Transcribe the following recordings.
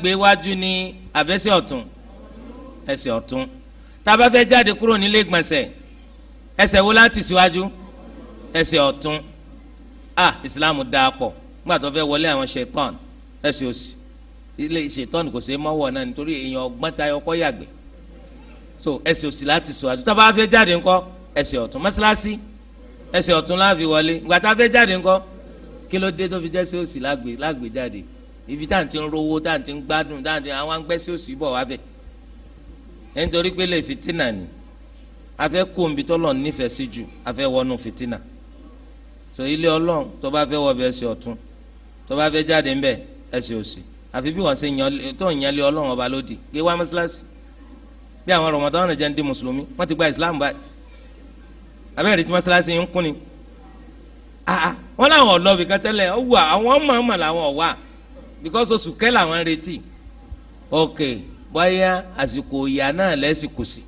gbé wájú ní àbẹ́sẹ̀ ọ̀tún ẹsẹ̀ ọ̀tún tá a bá fẹ́ jáde kúrò nílé ìgbọ̀nsẹ̀ ẹsẹ̀ wo láti síwájú ẹsẹ̀ ọ̀tún ah ìsìláàmù dáa pọ̀ nígbà tó fẹ́ wọlé àwọn ṣetán ẹsẹ̀ òsì ilé ṣetán kò ṣeé mọ́wọ́ náà nítorí èèyàn ọgbọ́n tayọ kọ́ yàgbẹ́ so ẹsẹ̀ òsì láti síwájú tá a bá fẹ́ jáde ńkọ́ ẹsẹ̀ ọ̀tún mọ́sálásí ẹsẹ̀ ọ̀tún la fi wọlé ìgbà tá a fẹ́ jáde ńkọ́ kí ló dé tó fi jẹ́ ẹsẹ̀ òsì lágbè lágbè jáde ibi tá à ń ti ń rówó tá à ń ti ń gbádùn tá à ń ti àwọn agbẹ́sí òsì bọ̀ wá bẹ̀ nítorí pé lè fìtínà ni afẹ́ kó omi tọ́lọ̀ nífẹ̀ẹ́ sí jù afẹ́ wọnú fìtínà so ilé ọlọ́run tó bá fẹ́ wọ bẹ ẹsẹ̀ ọ̀tún tó bá fẹ́ jáde ńbẹ ẹsẹ̀ òsì àfi bí wọ́n ṣe tó ń yanlé ọlọ́run ọba lódì gé wá mọ́sálásì bí àwọn rọmọdánù jẹ́ ń di mùsùlùmí wọ́n ti gba ìsìlámù báyìí abẹ́rẹ́ tí mọ́sálásì ń kún ni wọ́n láwọn ọ̀lọ́bì kan tẹ́lẹ̀ ọ̀wà àwọn ọmọ làwọn ọ̀wà because oṣù kẹ́ làwọn retí ok bóyá àsìkò ìyá náà lẹ́sìkò sí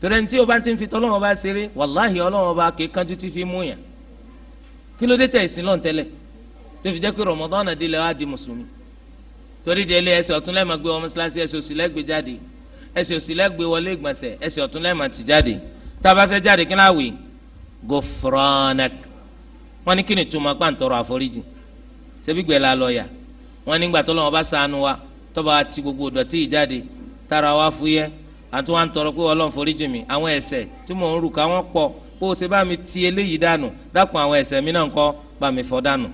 torí ẹni tí o bá ti ń fi tọ́lọ́wọ́n bá ṣeré wàláhì ọlọ́wọ́n bá kéé kánjú ti fi mú yàn kí ló dé tẹ̀ ìsìn lọ́n tẹ́lẹ̀ tó fi jẹ́ pé Ramadan náà dé lẹ́ wá di mùsùlùmí torí délé ẹsẹ̀ ọ̀tún lẹ́ẹ̀ma gbé ọmọ síláṣí ẹsẹ̀ òsì lẹ́gbẹ̀ jáde ẹsẹ̀ òsì lẹ́gbẹ̀ wọlé ìgbọ̀nsẹ̀ ẹsẹ̀ ọ̀tún lẹ́ẹ̀ma ti jáde tá a bá fẹ́ jáde kí láwì gofranak wọn ní kí ni túmọ̀ pàǹtọ̀rọ̀ àforíjì ṣebí gbẹ̀ la lọ wọn nígbà tó lọ́wọ́ bá ṣàánú wa tọ́ba ti gbogbo dọ̀tí ìjáde tára wa fúyẹ́ àti wọn tọrọ pé Ọlọ́run foríjì mi àwọn ẹ̀ṣẹ̀ tí mò ń rù ká wọn pọ̀ kó o ṣe bá mi ti eléyìí dànù dákun àwọn ẹ̀ṣẹ̀ mi náà kọ́ bá mi fọ́ dànù.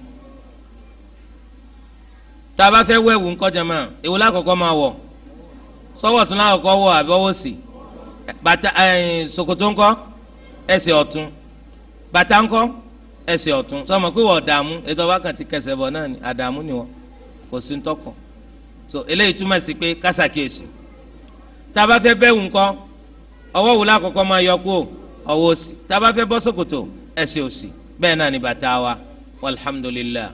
tá a bá fẹ́ wẹ̀wù ńkọ́ jẹ́mọ́ èwo lákọ̀ọ́kọ́ máa wọ̀ sọ́wọ́ tún lákọ̀ọ́kọ́ wọ̀ àbí ọwọ́ sí bàtà ńkọ́ ẹsẹ̀ ọ̀tún bàtà ńkọ́ ẹsẹ̀ ọ̀tún sọ́mọ pé wọ́n dààmú ètò ọba kan ti kẹsẹ̀ bọ̀ náà ni àdààmú ni wọ́n kò sí ń tọkọ so eléyìí túmọ̀ sí pé kásákìyèsí tá a bá fẹ́ bẹ́ẹ̀ wù ńkọ́ ọwọ́ wò lákọ̀ọ́kọ́ máa yọ kó ọwọ́ òsì tá fẹ́ bọ́ sókòtò ẹsẹ̀ òsì bẹ́ẹ̀ náà ni bàtà wa alhamdulilayi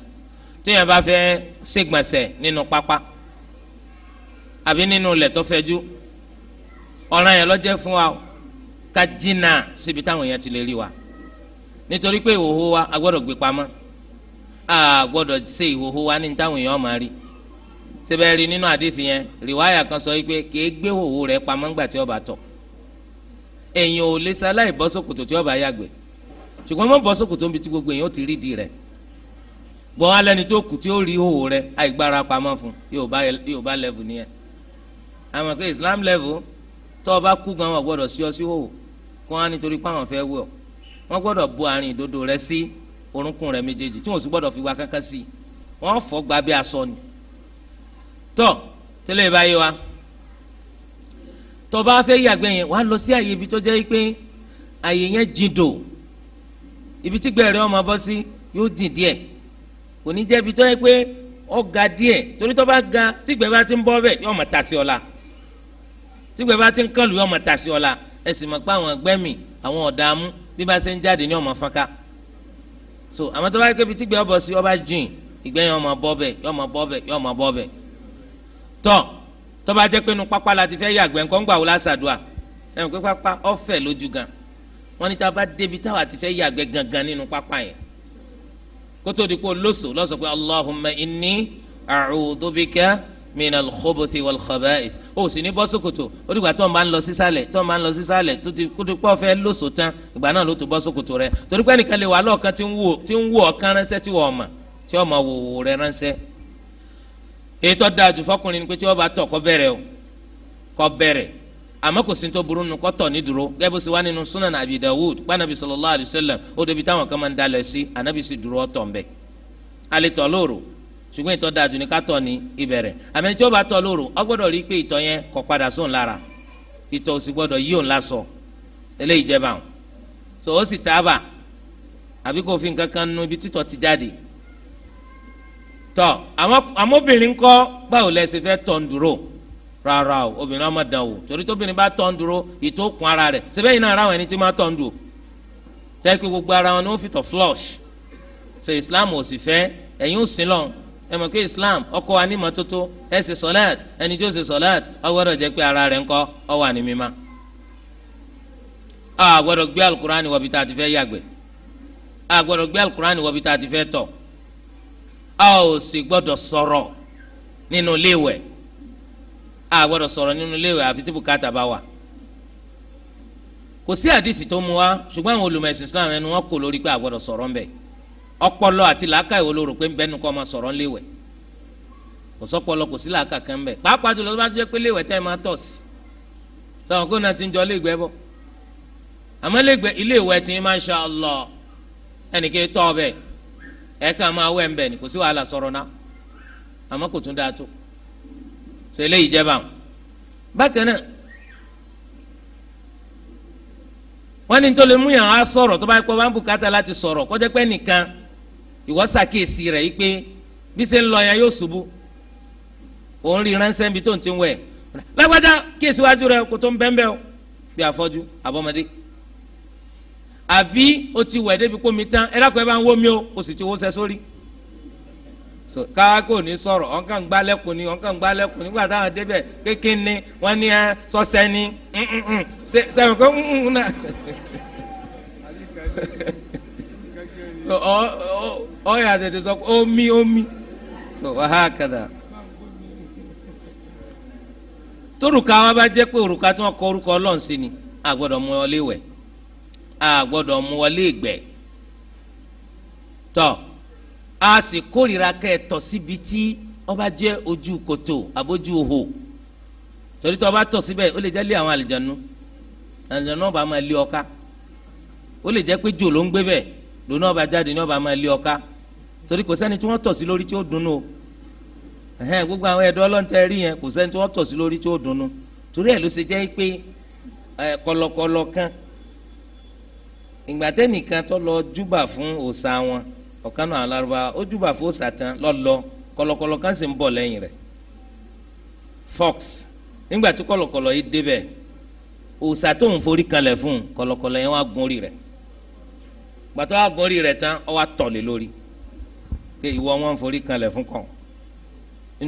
téèyàn bá fẹ́ ṣègbọ̀nsẹ̀ nínú pápá àbí nínú ilẹ̀ tó fẹ̀jú ọ̀ràn yẹn ló fún wa ká jìnnà síbi táwọn èèyàn ti lè rí wa nítorí pé ìhòòhò wa a gbé pamọ́ a gbọ́dọ̀ ṣe ìhòhò wa ní táwọn èèyàn máa rí síbẹ̀ rí nínú àdìsí yẹn rìwáyà kan sọ wípé kìí gbé hòhò rẹ̀ pamọ́ ńgbà tí ó bá tọ̀ èèyàn ò lè sa láì bọ́ sókòtò tí ó bá yàgbẹ́ ṣùgbọ́n mọ́ bọ́ sókòtò níbi tí gbogbo èèyàn ti rí di rẹ̀ bọ́ alẹ́ni tó kù tí ó rí hòhò rẹ̀ àìgbára pamọ́ fún yóò bá lẹ́vù nìyẹn àmọ́ pé Islam lẹ́vù tó o bá kú gan wọn gbọ́dọ̀ sí ọ sí hòhò kó wọn nítorí pé àwọn fẹ́ wọ̀ wọ́n gbọ́dọ̀ bu àárín ìdodo rẹ̀ sí si orúnkún rẹ̀ méjèèjì tí wọ́n sì gbọ́dọ̀ fi wá kankan sí i wọ́n fọ́ gba bí aṣọ ni tọ́ tẹ́lẹ̀ báyé wa tọ́ bá fẹ́ yàgbẹ́ yẹn wàá lọ sí àyè ibi tó jẹ́ pé àyè yẹn jìndò ibi tí gbẹ̀rẹ̀ ọmọ bọ́ sí yóò dì díẹ̀ kò ní jẹ́ ibi tó yẹ pé ó ga díẹ̀ torí tó bá ga tí gbẹ̀ bá ti ń bọ́ bẹ̀ yóò mọ̀ tà sí ọ la tí gbẹ̀ bá ti ń kọlù yóò mọ̀ tà sí ọ la ẹ sì mọ̀ pé àwọn ẹgbẹ́ mi àwọn ọ̀dààmú bí bá ṣe ń jáde ní ọmọ fọ́nká so àmọ́ tó bá yẹ kébi tí gbé ọbọ̀ sí ọba jìn ìgbẹ́ yẹn ọmọ bọ́ bẹ̀ yọmọ bọ́ bẹ̀ yọmọ bọ́ bẹ̀ tọ́ tó bá jẹ́ pé nu pápá la ti fẹ́ yàgbẹ́ nǹkan gbà wò lásàdùà ẹ̀rù pé pápá ọ̀fẹ́ lójú gan wọ́n ní tá a bá débi táwa ti fẹ́ yàgbẹ́ gangan nínú pápá yẹn kótó di kó lóso lọ́sọ̀ pé Allahumma inni a'udhu bika minal khubuthi wal khaba'is o sì ní bọ́ ṣòkòtò ó dìgbà tó ń bá ń lọ sísàlẹ̀ tó ń bá ń lọ sísàlẹ̀ tó ti kó tó pọ̀ fẹ́ lóṣò tán ìgbà náà ló tó bọ́ ṣòkòtò rẹ̀ torí pé nìkan lè wà lọ́ọ̀kan tí ń wò ọ̀kan ránṣẹ́ tí wọ́n mọ̀ tí wọ́n mọ̀ wòwò rẹ̀ ránṣẹ́ ètò dájú fọkùnrin ni pé tí wọ́n bá tọ̀ kọ́ bẹ̀rẹ̀ o kọ́ bẹ̀rẹ̀ àmọ́ kò sí tó burú nu kọ́ tọ̀ ní dúró gẹ́gẹ́ bó ṣe wá nínú sunan abi dawud gbanabi sallallahu alayhi wa sallam ó débi táwọn kan máa ń dalẹ̀ sí anabi sì dúró ọ̀tọ̀ ń bẹ̀ alẹ́ tọ̀ lóru ṣùgbọ́n ìtọ́ dáa ni ní ká tọ̀ ní ìbẹ̀rẹ̀ àmì tí ó bá tọ̀ lóru ọ gbọ́dọ̀ rí i pé ìtọ̀ yẹn kò padà sóun lára ìtọ̀ ò sì gbọ́dọ̀ yí òun lásọ eléyìí jẹ́ báwọn tó o sì tábà àbí kò fi nǹkan kan nu ibi títọ̀ ti jáde tọ àmọ́ obìnrin kọ́ báwo lẹ ṣe fẹ́ tọ̀ ń dúró rárá o obìnrin ọmọ dàn o torí tóbìnrin bá tọ̀ ń dúró ìtọ̀ kún ara rẹ̀ ṣe bẹ́ẹ̀ iná flush so Islam ò sì fẹ́ ẹ mọ̀ pé islam ọkọ wa ní mọ́tótó ẹ ṣe sọ́láàt ẹni tí ó ṣe sọ́láàt ó gbọ́dọ̀ jẹ́ pé ara rẹ̀ ńkọ́ ó wà ní mímá. a gbọ́dọ̀ gbé alukurani wọbi tá a ti fẹ́ yàgbẹ́ a gbọ́dọ̀ gbé alukurani wọbi tá a ti fẹ́ tọ̀ a ò sì gbọ́dọ̀ sọ̀rọ̀ nínú léwẹ̀ a gbọ́dọ̀ sọ̀rọ̀ nínú léwẹ̀ àfi tí bùkátà bá wà. kò sí àdìsí tó mu wa ṣùgbọ́n àwọn olùmọ̀ ẹ̀sìn islam ẹnu wọn kò lórí pé a gbọ́dọ̀ sọ̀rọ̀ ńbẹ̀ ọpọlọ àti làákà ìwọ rò pé ń bẹnu ọmọ sọ̀rọ̀ ńléwẹ̀ kò sọpọlọ kò sí làákà kan bẹ pàápàá jùlọ tó bá jẹ́ pé léwẹ̀ tẹ́ ẹ máa tọ̀ sí sọ̀rọ̀ kó náà ti ń jọ léègbẹ́ bọ̀ àmọ́ ilé ma ẹ kàn máa ni kò sí wàhálà sọrọ náà kò tún dáa tó eléyìí báwọn bákan náà wọ́n ní tó lè mú yàn sọ̀rọ̀ tó bá yẹ kó bá ń ìwọ rẹ̀ yìí pé bí ṣe ń lọ ya yóò ṣubú òun rí ránṣẹ́ níbi tó ń ti wẹ̀ lágbájá kíyèsí wájú rẹ kò tó ń bẹ́ńbẹ́ o bí afọ́jú abọ́mọdé àbí o ti wẹ̀ débi kó mi tán ẹ ẹ bá ń wó mi o sì ti wó sẹ sórí káwákò ní sọ̀rọ̀ ọ̀n kàn gbá lẹ́kùn ni ọ̀n kàn gbá lẹ́kùn nígbà táwọn débẹ̀ ni wọ́n ní ẹ sọ́sẹ́ ni kọ́ mm, mm, mm. ọ ya adịdịzọkwa omi omi so wàhákàdà tórùka wọn bá jẹ́ pe oruka ti wọ́n kọ orukọ Ọlọ́run sí ni a gbọ́dọ̀ mú wọlé wẹ̀ a gbọ́dọ̀ mú a sì kórìíra kẹ́ ẹ síbi tí ọba jẹ́ ojú koto àbójú ho torí tọ́ ọba tọ̀ síbẹ̀ o lè jẹ́ lé àwọn àlìjànú àlìjànú ọba máa lé ọka ó lè jẹ́ pé jò ló ń gbé lónà ọba jáde ní ọba máa lé ọká torí kò sẹ́ni tí wọ́n tọ̀ sí lórí tí ó dunnú o ẹ̀hẹ́n gbogbo àwọn ẹ̀dọ́ ọlọ́ntẹ́ rí yẹn kò sẹ́ni tí wọ́n tọ̀ sí lórí tí ó dunnú torí ẹ̀ ló ṣe jẹ́ pé kọlọkọlọ kan ìgbà tẹ́nìkan tó lọ júbà fún òòṣà wọn ọ̀kan náà alárúbá ó júbà fún òòṣà tán lọ́lọ́ kọlọkọlọ kan sì ń bọ̀ lẹ́yìn rẹ̀ fox nígbà tí kọlọkọlọ yìí débẹ̀ òòṣà tó ń forí kalẹ̀ fún kọlọkọlọ yẹn wá gun orí rẹ̀ gbàtọ́ àgọ́rí rẹ̀ tán ọ wa tọ̀lé lórí pé ìwọ wọn forí kanlẹ̀ fún kàn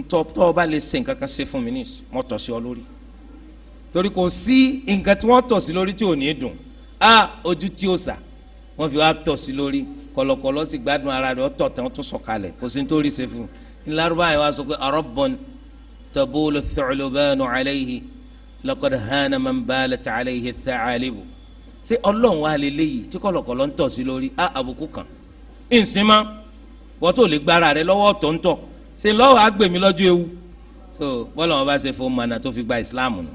ntọ́ tọ́ ọ bá lè ṣe nǹkan kan ṣe fún mi nìyí mọ́ tọ̀ sí ọ lórí torí kò sí nǹkan tí wọ́n tọ̀ sí lórí tí ò ní dùn á ojú tí ó sà wọ́n fi wá tọ̀ sí lórí kọ̀lọ̀kọ̀lọ̀ sì gbádùn ara rẹ̀ ọ̀tọ̀ tán tún sọ̀kalẹ̀ kò sí nítorí ṣe fún un ńlárúbá yẹn wá sọ pé arọ́bọ̀n tabulu thu'lubanu alayhi laqad hana man balat alayhi tha'alibu ṣé ọlọ́run wa lè léyìí tí kọ̀lọ̀kọ̀lọ̀ ń tọ̀ sí lórí á àbùkù kan ìsinmi wọ́n tó lè gbára rẹ lọ́wọ́ tọ̀ntọ̀ ṣe lọ́wọ́ lọ́jọ́ ewu so bọ́lá wọn bá ṣe fún fi gba Islam nù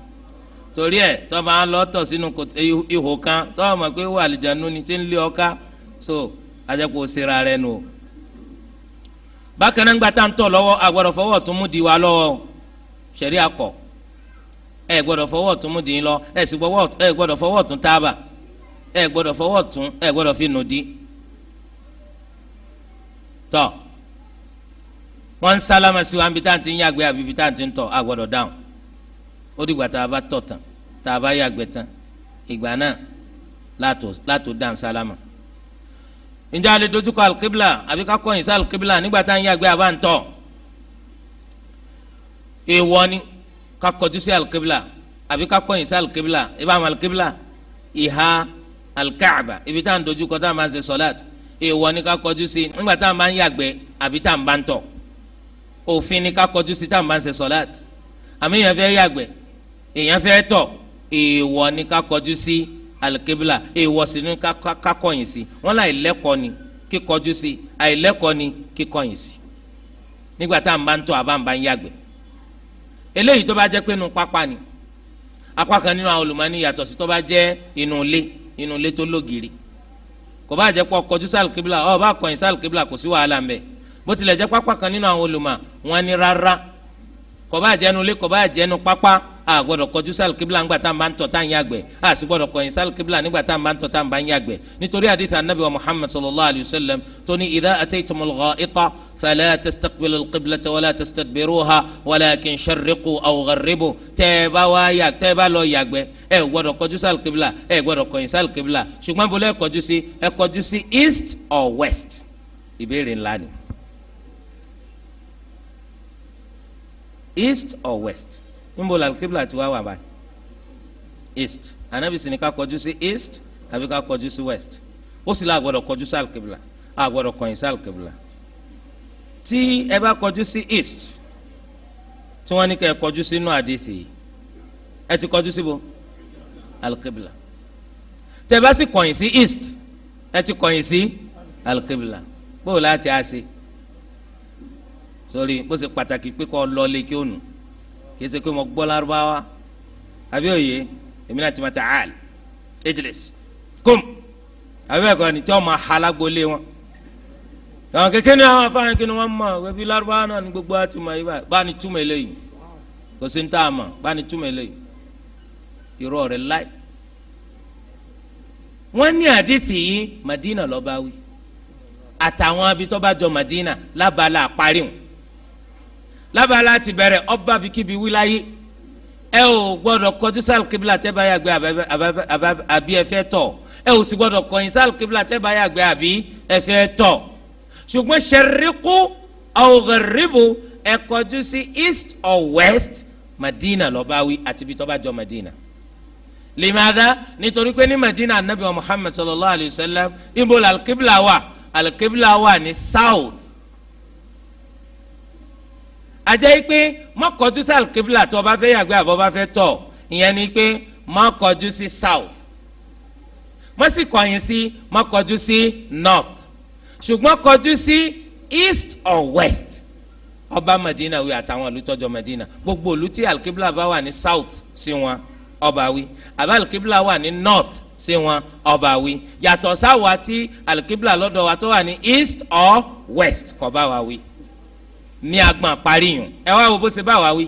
torí ẹ tó bá lọ tọ̀ kan pé wà ni tí ń lé ọká so sera rẹ nù bákan náà gba tá ń tọ̀ lọ́wọ́ fọwọ́ lọ ẹ sì fọwọ́ tún tábà ẹ gbọ́dọ̀ fọwọ́ tún ẹ gbọ́dọ̀ fi nù di. tọ wọn ń sálámà sí wa níbi tá à ń ti ń yàgbẹ́ àbí ibi tá à ń ti ń tọ̀ a gbọ́dọ̀ dáhùn ó dìgbà tá a bá tọ̀ tán tá a bá yàgbẹ́ tán ìgbà náà látò látò dáhùn sálámà ǹjẹ́ a lè dojúkọ alikibla àbí ká kọ̀yìn sí alikibla nígbà tá à ń yàgbẹ́ àbá ń tọ̀ èèwọ̀ ni ká kọjú sí alikibla àbí ká kọ̀yìn sí alikibla ìbá àwọn alikibla ìhà alkaaba ibi tá à ń dojú kọ tá à máa ń ṣe sọláàt èèwọ̀ ni ká kọjú sí nígbà tá à máa ń yàgbẹ́ àbí tá à ń bá ń tọ̀ òfin ni ká kọjú sí tá à máa ń ṣe sọláàt àmì èèyàn fẹ́ yàgbẹ́ èèyàn fẹ́ tọ̀ èèwọ̀ ni ká kọjú sí alikébìlà èèwọ̀ sì ni ká kọ̀yìn sí wọn láì lẹ́kọ̀ọ́ ni kíkọjú sí àìlẹ́kọ̀ọ́ ni kíkọ̀yìn sí nígbà tá à ń bá ń tọ̀ àbá ń bá ń yàgbẹ́ eléyìí tó bá jẹ́ pé inú pápá ni apá kan nínú àwọn olùmọ̀ inú ilé tó lógiri kò bá jẹ́ pọ̀ kọjú sáàlù kíbla ọ̀ bá kọ̀yìn sáàlù kíbla kò sí wàhálà ń bẹ̀ bó tilẹ̀ jẹ́ pápá kan nínú àwọn olùmọ̀ wọn ni rárá kò bá jẹ́nu ilé kò bá jẹ́nu pápá a gbọ́dọ̀ kọjú sálù kíbla ńgbà tá a bá ń tọ̀ tá a ń yàgbẹ́ a sì gbọ́dọ̀ kọ̀yìn sálù nígbà tá a bá ń tọ̀ tá a ń yàgbẹ́ nítorí àdìsá anabi wa muhammad sallallahu alayhi wa sallam tó ní idha ataytumul gha'ita fala tastaqbilu al-qiblata wala tastadbiruha walakin sharriqu aw gharribu tẹ́ bá wá yà tẹ́ bá lọ yàgbẹ́ ẹ gbọ́dọ̀ kọjú sálù kíbla ẹ gbọ́dọ̀ kọ̀yìn sálù ṣùgbọ́n bọ́lá ẹ kọjú sí ẹ kọjú sí east or west ìbéèrè ńlá ni east or west níbo la kébìlà ti wá wa báyìí east anabi sì ní ká kọjú east àbí ká kọjú sí west ó sì la àgbọ̀dọ̀ kọjú sí alkebìlà àgbọ̀dọ̀ kọ̀yìn sí alkebìlà tí ẹ bá kọjú sí east tí wọ́n ní ká ẹ kọjú sínú àdìsí ẹ ti kọjú síbo alkebìlà tẹ́ bá sì kọ̀yìn sí east ẹ ti kọ̀yìn sí alkebìlà bó o láti á sí sórí bó ṣe pàtàkì pé kọ́ ọ lọ lé kí ó nù kì í ṣe pé mo gbọ́ lárúbáwá àbí òye èmi náà ti máa ta àl ejlis kum àbí ẹ̀kọ́ ni tí wọ́n máa ha lágbólé wọn. àwọn kékeré ní àwọn afáàrin kí ni wọ́n mọ̀ wẹ́bí lárúbáwá náà ní gbogbo àti mọ̀ yìí báyìí bá ní túmọ̀ eléyìí kò sí ní tá a mọ̀ bá ní túmọ̀ eléyìí ní àdìsí yìí Madina lọ́ba wí àtàwọn abitọ́ bá jọ Madina lábala àparí lábala ti bẹ̀rẹ̀ ọba bikibi wíláyé ẹ ò gbọ́dọ̀ kọjú sáàlù kíbla tẹ́ bá yàgbẹ́ àbí ẹfẹ́ tọ̀ ẹ ò sì gbọ́dọ̀ kọyìn sáàlù kibla tẹ́ bá yàgbẹ́ àbí ẹfẹ́ tọ̀ ṣùgbọ́n ṣẹ̀ríkú ọ̀gẹ̀rìbù ẹ kọjú sí east or west madina lọ́báwí àti ibi tó bá jọ madina limada nítorí pé ní madina anabi wa muhammad sallallahu alayhi wa sallam ibo la alikibla wa alikibla wa ni south àjẹ́ pé mọ́kọ́jú sí alkebla tó bá fẹ́ yàgbẹ́ àbọ̀ bá fẹ́ tọ̀ ìyẹn ni pé mọ́kọ́jú sí south wọ́n sì sí mọ́kọ́jú sí north ṣùgbọ́n kọjú sí east or west ọba Madina wí àtàwọn olùtọ́jọ Madina gbogbo olú tí alkebla bá wà ní south sí wọn ọba wí àbá alkebla wà ní north sí wọn ọba wí yàtọ̀ sáwà tí alkebla lọ́dọ̀ wa tó wà ní east or west kọ́ bá wa wí ní agbọn parí yùn ẹ wá wo bó ṣe bá wa wí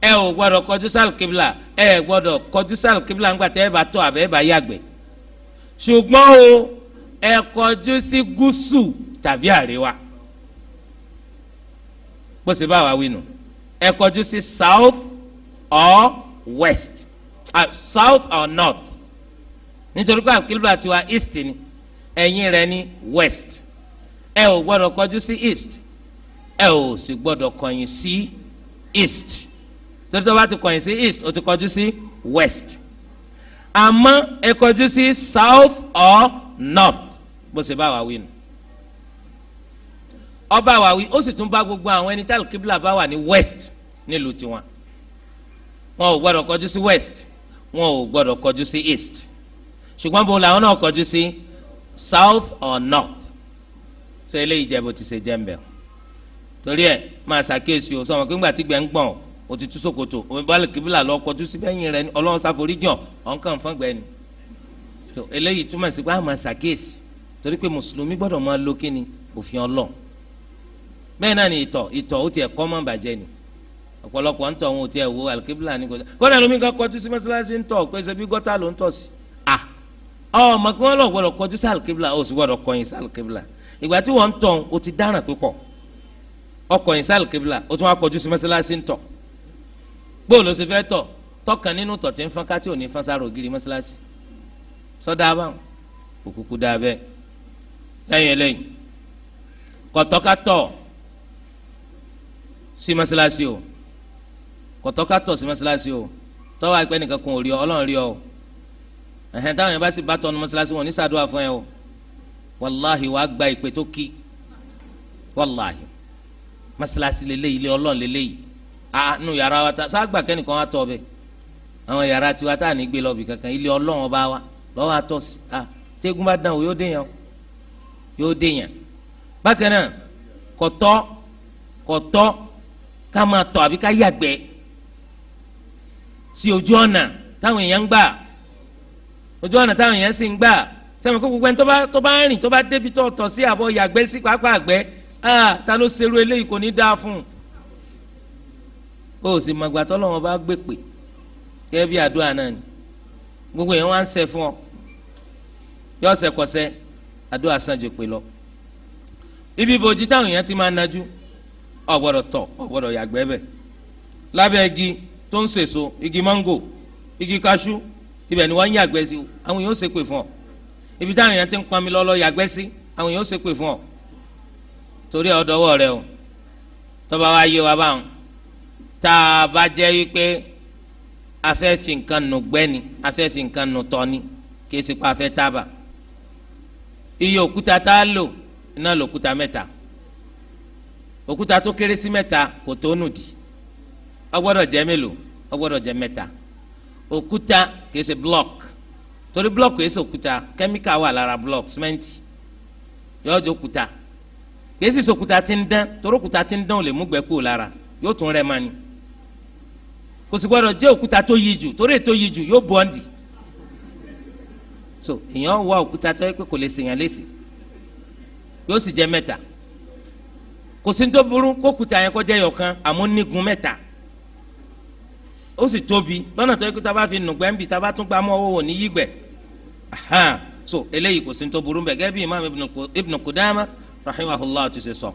ẹ ò gbọ́dọ̀ kọjú sáàlù kébìlà ẹ gbọ́dọ̀ kọjú sáàlù kébìlà ńgbà tẹ ẹ bá tọ̀ àbẹ ẹ bá yàgbẹ́ ṣùgbọ́n o ẹ kọjú sí gúúsù tàbí àríwá bó ṣe bá wa wí nù ẹ kọjú sí south or west uh, south or north nítorí pé àkílùbà tiwa east ni ẹ̀yìn rẹ̀ ní west ẹ ò gbọ́dọ̀ kọjú sí east ẹ ò sì gbọ́dọ̀ kọ̀yìn sí east torí tó bá ti kọ̀yìn sí east o ti kọjú sí west àmọ́ ẹ kọjú sí south or north bó ṣe bá wa wí nù ọba wa wí ó sì tún bá gbogbo àwọn ẹni tálù kíbla bá wà ní west nílùú tiwọn wọn ò gbọ́dọ̀ kọjú sí west wọn ò gbọ́dọ̀ kọjú sí east ṣùgbọ́n bó làwọn náà kọjú sí south or north ṣe eléyìí jẹ́ bó ti ṣe jẹ́ ń bẹ̀rù torí ẹ máa ṣàkíyèsí o sọmọ pé ńgbà tí gbẹ ń gbọ̀n o ti tú ṣòkòtò bọ́ọ̀lù kìbìlà lọ kọjú síbẹ̀yìn rẹ ọlọ́run ṣàforíjàn ọ̀nkàn fọ́ngbẹ́ ni tó eléyìí túmọ̀ sí pé a máa ṣàkíyèsí torí pé mùsùlùmí gbọ́dọ̀ máa lo kíni òfin ọlọ́run bẹ́ẹ̀ náà ni ìtọ̀ ìtọ̀ ó tiẹ̀ kọ́ mọ́ bàjẹ́ ni ọ̀pọ̀lọpọ̀ ń tọ̀ wọn ò tiẹ̀ wo alikibla ni kò sí kódà lómi kan kọjú sí mọ́sálásí ń tọ̀ pé ṣe bí gọ́tà ló ń tọ̀ sí à ọmọ kí wọ́n lọ gbọ́dọ̀ kọjú sí alikibla ó sì gbọ́dọ̀ kọyìn sí alikibla ìgbà tí wọ́n ń tọ̀ ó ti dáràn pípọ̀ ọkọ̀ yìí sáàlù kébìlà ó tún wá kọjú sí mọ́sálásí ń tọ̀ bóòlù sì fẹ́ tọ̀ tọkàn nínú tọ̀ tí ń fọ́n ká tí ò ní fọ́n sára ògiri mọ́sálásí sọ́dà abáwọn òkùnkù dà bẹ́ẹ̀ lẹ́yìn eléyìí kọ̀tọ́kátọ̀ sí mọ́sálásí o kọ̀tọ́kátọ̀ sí mọ́sálásí o tọ́wọ́ àìpẹ́ nìkan kún òrí ọ ọlọ́run rí ọ o ẹ̀hẹ́n táwọn yẹn bá sì bá tọ́nu mọ́sálásí wọn ní ṣàdúrà fún ẹ o wàláhì wàá gba ìpè tó kí wàláhì masalasi lele ilé ọlọ́run lele yìí a nu yàrá wa ta sáàgbà kẹ́nìkan wa tọ̀ bẹ́ẹ̀ àwọn yàrá tiwa tá à ní gbé lọ́ọ̀bì kankan ilé ọlọ́run ọba wa lọ́wọ́ atọ́ sí a tẹ́gun bá dàn o yóò dé yàn o yóò dé yàn bákan náà kọ̀tọ́ kọ̀tọ́ ká máa tọ̀ àbí ká yàgbẹ́ sí ojú ọ̀nà táwọn èèyàn ń gbà ojú ọ̀nà táwọn èèyàn sì ń gbà sẹ́wọ̀n kó gbogbo ẹni tó bá rìn tó bá débi tó tọ̀ sí àbọ̀ yàgbẹ́ sí pàápàá àgbẹ́ ah ta ló ṣerú eléyìí kò ní dáa fún un ó sì mọ̀gbà tọ́lọ́wọ́n bá gbé pè kẹ́ bí àdúrà náà ni gbogbo yẹn wá ń ṣe fún ọ yọ ọsẹ kọsẹ àdúrà sàn jù lọ ibi ìbòjì táwọn èèyàn ti máa nájú ọ gbọ́dọ̀ tọ̀ ọ gbọ́dọ̀ yàgbẹ́ bẹ̀ lábẹ́ igi tó ń sèso igi mango igi kaṣú ibẹ̀ ni wọ́n ń sí àwọn èèyàn ó ṣe fún ọ ibi táwọn èèyàn ti ń pọnmi lọ́lọ́ yàgbẹ́ sí àwọn èèyàn ó ṣe fún ọ torí ọ̀dọ́wọ́ rẹ o tọ́ba wa yé wa báwọn tá a bá jẹ́ wípé a fẹ́ fi nǹkan nù gbẹ́ni a fẹ́ fi nǹkan nù tọ́ni kí esi pa a fẹ́ tábà iye òkúta tá a lò iná lòkúta mẹ́ta òkúta tó kéré sí mẹ́ta kò tó nù di ọgbọdọ gbọ́dọ̀ jẹ́ mélòó ọgbọdọ gbọ́dọ̀ jẹ́ mẹ́ta òkúta kì í ṣe blọk torí block kì í ṣe òkúta kẹ́míkà wà lára block simenti yọjọ òkúta. kèésì sòkúta ti ń dán torókúta ti ń dán ò lè mú gbẹ kúrò lára yóò tún rẹ mani kò sì gbọdọ̀ jẹ́ òkúta tó yí jù torí ètò yí jù yóò bọ́ǹdì so èèyàn wá òkúta tó yẹ pé kò lè sèyàn léṣe yóò sì jẹ mẹ́ta kò sí tó burú kókúta yẹn kó jẹ́ yọ̀kan àmọ́ nígun mẹ́ta ó sì tóbi lọ́nà tó yẹ pé tá fi nùgbẹ́ ń bì tún gbà mọ́ owó wò ní yígbẹ́ so eléyìí kò sí tó burú bẹ́ẹ̀ gẹ́gẹ́ bí Imam Ibn Qudama rahimahullah ti ṣe sọ.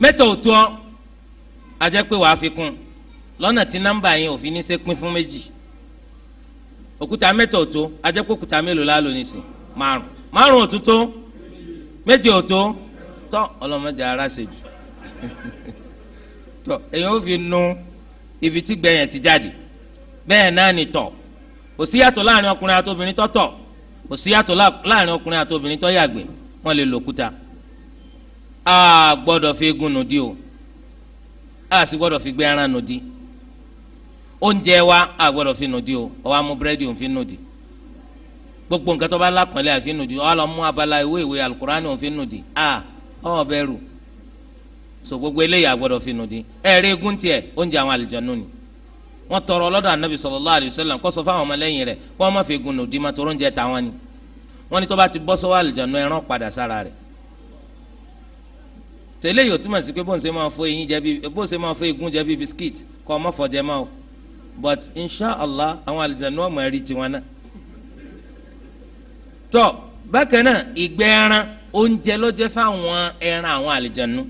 mẹ́ta ò tó ajẹ́ pé wàá fi kún lọ́nà tí nọ́mbà yẹn ò fi ní ṣe pín fún méjì òkúta mẹ́ta ò tó ajẹ́ pé òkúta mélòó la lò nísìn márùn márùn ò tún tó méje ò tó tọ́ ara ṣe jù tọ́ èyàn ò fi nu ibi tí gbẹ̀yìn ti jáde bẹ́ẹ̀ náà ni tọ̀ kò síyàtọ̀ láàrin ọkùnrin àti obìnrin tọ́tọ̀ kò sí yàtọ̀ láàrin ọkùnrin àti obìnrin tó yàgbẹ́ wọ́n lè lòkúta a gbọ́dọ̀ fi egun nù di o a sì gbọ́dọ̀ fi gbé ẹran nù di oúnjẹ wa a gbọ́dọ̀ fi nù di o ọwọ́ amú búrẹ́dì òun fi nù di gbogbo nǹkan tó bá lápọ̀nlẹ̀ àfi nù di ọwọ́ mú abala ìwé ìwé alukurani òun fi nù di a ọwọ́ bẹ́ẹ̀ rù so gbogbo eléyìí a gbọ́dọ̀ fi nù di ẹ̀ẹ́dẹ́gùn tiẹ̀ oúnjẹ àwọn àlùjànnú ni wọ́n tọrọ lọ́dọ̀ anabi sallallahu alayhi wa sallam kó sọ fáwọn ọmọlẹ́yìn rẹ̀ kó wọ́n má fi gun òdì máa tọrọ oúnjẹ tàwọn ni wọ́n ní tó bá ti bọ́ sọ́wọ́ àlùjánu ẹran padà sára rẹ̀ tẹ́lẹ̀ yóò túmọ̀ sí pé bó ń ṣe máa fọ eyín jẹ bíi bó ṣe máa fọ egun jẹ bíi biskit kọ́ ọmọ fọ jẹ máa o but inshallah àwọn àlùjánu ọmọ rí tiwọn náà tọ́ bákan náà ìgbẹ́ ẹran oúnjẹ ló jẹ́ fáwọn ẹran àwọn àlùjánu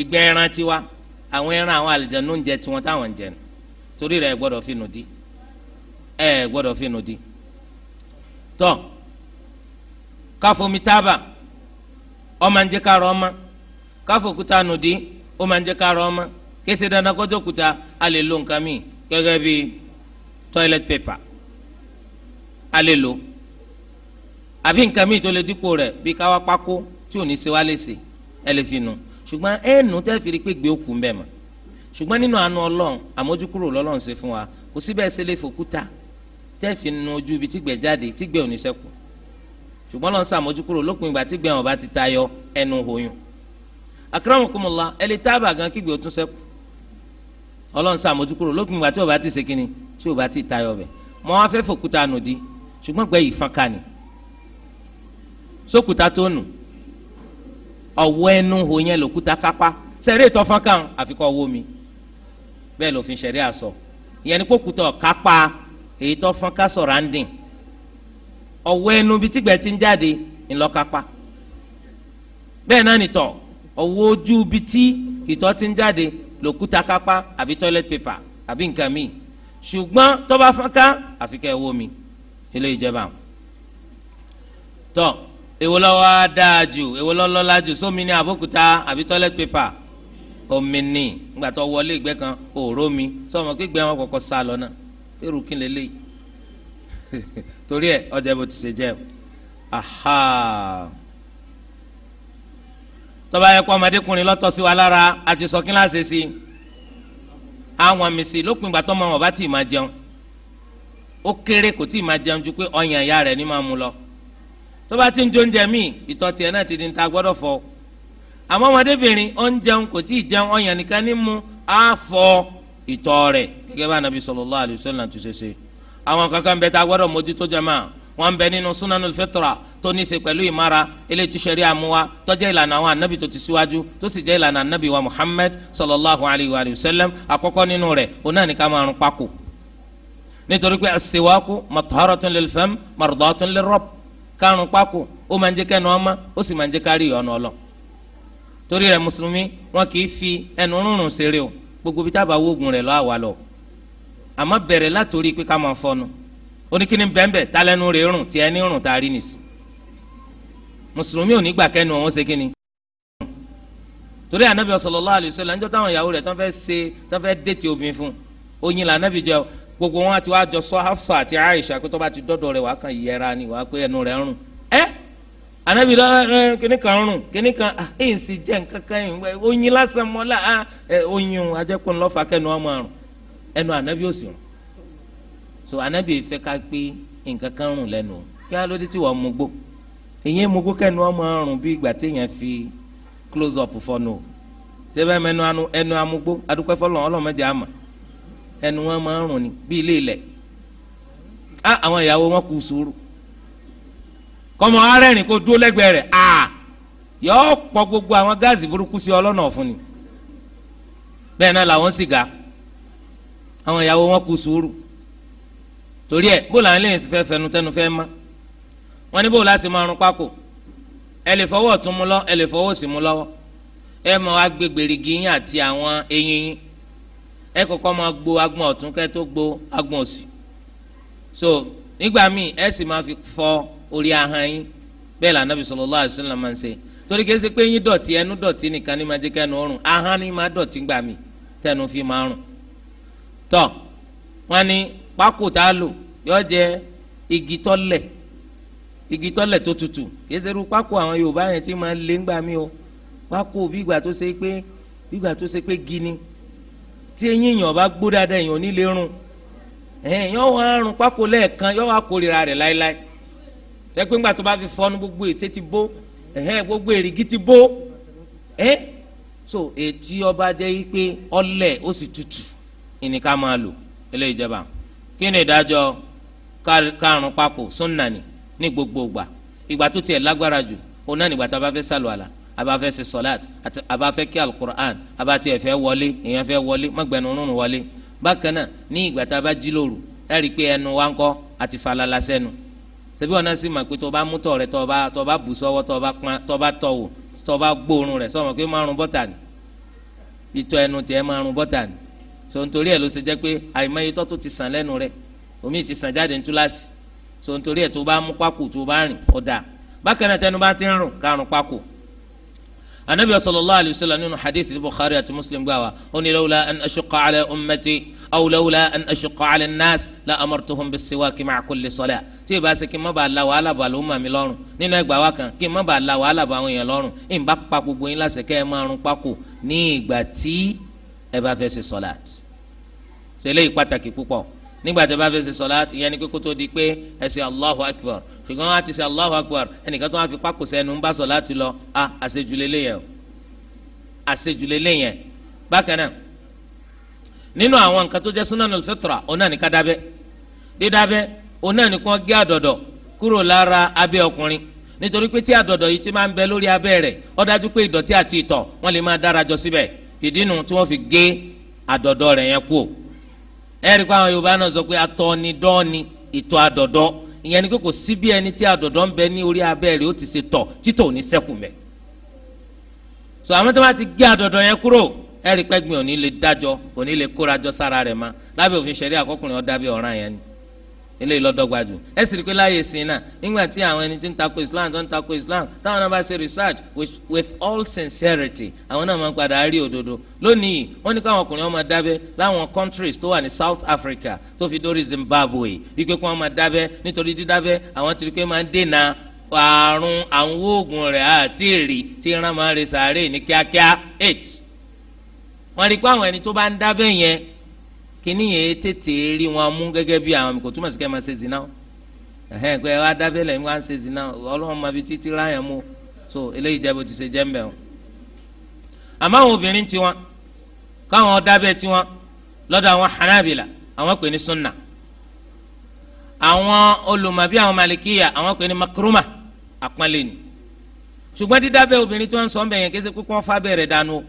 ìgbẹ́ ẹran tiwa àwọn ẹran àwọn àlùjánu oúnjẹ tiwọn táwọn ń torí rẹ̀ ẹ gbọ́dọ̀ fi nù di ẹ gbọ́dọ̀ fi nù di tọ́ káfomi tábà ó máa ń jẹ́ kárọ̀ ọmọ káfòkúta nù di ó ń jẹ́ kárọ̀ ọmọ kése dandan kọjọ kuta a lè lo nǹkan mi gẹ́gẹ́ bí toilet paper a lè lo àbí nǹkan mi tó lè dípò rẹ̀ bí káwá pákó tí ò ní ṣe wá ẹ lè fi nù ṣùgbọ́n ẹ nù tẹ́ fi rí pé gbé òkú ń mọ́ ṣùgbọ́n nínú àánú ọlọ́run àmójúkúrò lọ́lọ́run ṣe fún wa kò síbẹ̀ ṣe lè fòkúta tẹ́ẹ̀fì nu ojú ibi tígbẹ́ jáde tígbẹ́ ò ní sẹ́kù ṣùgbọ́n lọ́n ṣàmójúkúrò lópin ìgbà tígbẹ́ wọn bá ti tayọ ẹnu oyún akramakumullah ẹ lè tábà gan kígbe ó tún sẹ́kù ọlọ́run ṣàmójúkúrò lópin ìgbà tí ò bá ti ṣe kíni tí ò bá ti tayọ bẹ̀ mọ́ wá fẹ́ fòkúta nù bẹ́ẹ̀ lòfin ṣẹ̀rí àsọ ìyẹn ní kókùtọ̀ kápá èyí tó fọ́n ká sọ̀rọ̀ à ń dìn ọ̀wọ́ ẹnu bíi tígbẹ́ ti ń jáde ńlọ kápá bẹ́ẹ̀ náà nìtọ̀ ọ̀wọ́ ojú bíi tí ìtọ̀ ti ń jáde lòkúta kápá àbí toilet paper àbí nǹkan míì ṣùgbọ́n tó bá fọ́n ká àfi kẹ́ ẹ wó mi ilé ìjẹba tọ́ èwo lọ́wọ́ dáa jù èwo lọ́lọ́lá jù sómi ní àbókúta àbí toilet paper omi ní ìgbà tó wọlé ìgbẹ́ kan òòró mi sọmọ gbígbẹ́ wọn kọ̀kọ́ sá lọ náà fẹ́rù kí lè léyìí torí ẹ ọjà bó ti ṣe jẹ aha tọ́ba yẹ kó ọmọdékùnrin lọ́tọ̀ sí wa lára àti sọ kíláàsì sí àwọn mi sí lópin ìgbà tọ́mọ wọn bá tì máa jẹun ó kéré kò tí ì máa jẹun ju pé ọyàn ìyá rẹ̀ ní máa mú lọ tọ́ba ti ń jóúnjẹ míì ìtọ́ tiẹ̀ náà ti di ní ta gbọ́dọ̀ fọ́ ọ àmọ́ ọmọdébìnrin ó ń jẹun kò tí jẹun ọyàn nìkan ní mu á fọ ìtọ̀ rẹ̀ gẹ́gẹ́ bá anabi sallallahu alaihi wasallam tó ṣe ṣe àwọn kankan bẹ tá a gbọ́dọ̀ mójútó jama wọn bẹ nínú sunanul fitra tó ní í ṣe pẹ̀lú ìmara eléyìí tí ṣẹ̀ríà mú ìlànà àwọn anabi tó ti síwájú tó sì jẹ́ ìlànà anabi wa muhammad sallallahu alayhi wa sallam àkọ́kọ́ nínú rẹ̀ òun náà ní ká máa rún pákò nítorí pé as-siwaku matharatun lil fam mardatun lil rabb kárùn pákò ó máa torí rẹ̀ mùsùlùmí wọn kì í fi ẹnu rúnrún ṣeré o gbogbo bí tábà wóògùn rẹ̀ lọ́wọ́ àwa lọ àmọ́ bẹ̀rẹ̀ látòrí pé ká máa fọnu oníkíni bẹ́ẹ̀nbẹ́ talẹ́nu rẹ̀ rùn tiẹ̀ ní rùn tari nìsí mùsùlùmí ò ní gbà kẹ́nu ọ̀hún ṣe kíni. torí anabi sallallahu alaihi wasallam níjọ́ táwọn ìyàwó rẹ̀ tán fẹ́ ṣe tán fẹ́ dètè obìnrin fún oyin la anabi jẹ gbogbo wọn àti wàá jọ Hafsa àti Aisha pé tó bá ti dọ́dọ̀ rẹ̀ wàá kàn yẹra ni wàá pé ẹnu rẹ̀ rùn ẹ́ eh? Eh, eh, anabi la ah, ẹ kíní kan rún kíní kan ẹ ń sì jẹ nǹkan kan yìí oyin lásán mọ́lá ẹ ah, eh, oyin o ajẹ́kùn lọ́fà ọmọ àrùn ẹnu anabi ò sì rún so anabi fẹ́ ká pé nǹkan kan rún lẹ́nu o kí á lóde tí wọ́n mú gbó èyí mú gbó kẹ́nu ọmọ àrùn bí ìgbà téèyàn fi close up fọ́nù o tẹ́fẹ́ mẹ́nu ẹnu amúgbó adúpẹ́ fọlọ́ ọlọ́mọdé àmà ẹnu wọn máa ń rùn ni bí ilé ilẹ̀ á ah, àwọn ìyàwó wọn kù sùúrù kọ́mọ arẹ́rìn kó dúró lẹ́gbẹ̀ẹ́ rẹ̀ a yọ pọ gbogbo àwọn gáàsì burúkú sí ọlọ́nà ọ̀fun ni bẹ́ẹ̀ náà làwọn sìgá àwọn ìyàwó wọn kú sùúrù torí ẹ bó làwọn eléyìí fẹ́ fẹnu tẹnu fẹ́ mọ́ wọn ní bó la sì máa rún pákó ẹ lè fọwọ́ ọ̀tún mú lọ ẹ lè fọwọ́ òsì mú lọ́wọ́ ẹ mọ agbègbèrègì yín àti àwọn eyín yín ẹ kọ́kọ́ máa gbo agbọ̀n ọ̀tún kẹ́ tó gbo agbọ̀n òsì so nígbà míì ẹ sì máa fi fọ orí ahọ́n yín bẹ́ẹ̀ la anabi sallallahu alaihi wasallam máa ń ṣe torí n ṣe pé yín dọ̀tí ẹnu dọ̀tí nìkan ní máa jẹ́ kẹ́nu ọrùn ahọ́n ni máa dọ̀tí gbà mí tẹnu fi máa rùn tọ́ wọn ni pákó tá lò yọ jẹ igi tọ́lẹ̀ igi tọ́lẹ̀ tó tutù kìí ṣe irú pákó àwọn Yorùbá yẹn tí máa lé mí o pákó bí tó ṣe pé bí tó ṣe pé gini tí eyín bá gbó dáadáa ò ní lè ẹgbẹ́ ńgbà tó bá fi fọ́nù gbogbo ètè ti bó ẹ̀hẹ́n gbogbo èrìgì ti bó ẹ́ so ètí ọba jẹ́ pé ọlẹ̀ ó sì tutù ìníká máa lò ilé ìjọba kí ni ìdájọ́ kárùn papò sunnani ní gbogbo ìgbà ìgbà tó tiẹ̀ lágbára jù òun náà nígbà tá a bá fẹ́ sálọ àlà a bá fẹ́ ṣe sọ́láàt a bá fẹ́ kí alukur'an a bá tiẹ̀ fẹ́ wọlé èèyàn fẹ́ wọlé mọ́gbẹ́nu rúnrún wọlé bákan náà ní ìgbà tá a bá jí lóru ẹ̀ pé ẹnu wa ń kọ́ àti falala sẹ́nu ṣebí wọn náà sì mà pé tó bá mú tọ̀ rẹ tó bá tó bá bù sọ́wọ́ tó bá pọn tó bá tọ̀ wò tó bá gbóòórùn rẹ sọ̀rọ̀ pé márùn bọ́tà ni ìtọ̀ ẹnu tiẹ̀ márùn bọ́tà ni so nítorí ẹ̀ ló ṣe jẹ́ pé àìmọye tọ́ tó ti sàn lẹ́nu rẹ omi ti sàn jáde ńtúláàsì so nítorí ẹ̀ tó bá mú pákó tó bá rìn ọ̀dà bákan náà tẹnu bá ti ń rùn kárùn pákó anabi sallallahu alayhi wa sallam nínú hadith bukhari àti muslim gbà wá ó ní lawla an ashuqa ala ummati aw lawla an ashuqa ala nas la amartuhum bis-siwak ma'a kulli salat tí ì bá ṣe kí n má bàa la wàhálà bàa ló mà mí lọ́rùn nínú ẹgbàá wa kan kí n la wàhálà bàa àwọn èèyàn lọ́rùn ì ń bá pa gbogbo yín láṣẹ kẹ́ ẹ máa rún pákó ní ìgbà tí ẹ bá fẹ́ ṣe nígbà tí a bá fẹ́ ṣe sọláàtì ìyẹn ni kókó tó di pé ẹ allahu akbar ṣùgbọ́n a ti ṣe allahu akbar ẹnìkan tó wá fi pákó sẹ́nu ń bá sọláàtì lọ a àṣejùlélé yẹn o àṣejùlélé yẹn bákan náà nínú àwọn nǹkan tó jẹ́ sunanul fitra òun náà ní ká dábẹ́ dídábẹ́ òun náà ní kí wọ́n gé àdọ̀dọ̀ kúrò lára abẹ́ ọkùnrin nítorí pé tí àdọ̀dọ̀ yìí ti máa ń bẹ lórí abẹ́ rẹ̀ ó dájú pé ìdọ̀tí àti ìtọ̀ wọ́n lè máa dára jọ síbẹ̀ ìdí nu tí wọ́n fi gé àdọ̀dọ̀ rẹ̀ yẹn kú o ẹ rí i pé àwọn yorùbá náà sọ pé atọ́ ni dán ni ìtọ̀ àdọ̀dọ̀ ìyẹn ni pé kò sí bí ẹni tí àdọ̀dọ̀ ń bẹ ní orí abẹ́ rẹ̀ ó ti ṣe tọ̀ títọ̀ ò ní ṣẹ́kù mẹ́. sọ àwọn tó bá ti gé àdọ̀dọ̀ yẹn kúrò ẹ rí i pé gbìn òní lè dájọ́ òní kórajọ́ sára rẹ̀ ma lábẹ́ òfin ṣẹ̀rí àkọkùnrin ọ̀dà ọ̀ràn yẹn ni eléyìí lọ́dọ́gba jù ẹ sì rí i pé láàyè sí náà nígbà tí àwọn ẹni tí ń takò islam tó ń takò islam táwọn náà bá ṣe research with, with all sincerity àwọn náà máa ń padà rí òdodo lónìí wọ́n ní káwọn ọkùnrin wọn máa láwọn countries tó wà ní South Africa tó fi dórí Zimbabwe wípé kí wọ́n máa dábẹ́ nítorí dídábẹ́ àwọn ti rí i pé máa ń dènà àrùn àwọn oògùn rẹ̀ àti èrì tí ìran máa ń resàárè ní kíákíá eight wọ́n rí pé àwọn ẹni tó bá ń dábẹ́ yẹn kíní yẹn tètè rí wọn mú gẹ́gẹ́ bí àwọn kò túmọ̀ sí kẹ́ ẹ máa ṣe zina o ẹ̀hẹ́n pé wá dábẹ́lẹ̀ ń wá ṣe zina ọlọ́run máa fi títí ráyàn mú so eléyìí jẹ́ bó ti ṣe jẹ́ ń bẹ̀ o. àmọ́ àwọn obìnrin káwọn dábẹ́ lọ́dọ̀ àwọn hanabila àwọn pè ní sunna àwọn olùmọ̀bí àwọn malikiya àwọn pè ní makruma ṣùgbọ́n dídábẹ́ obìnrin tí wọ́n sọ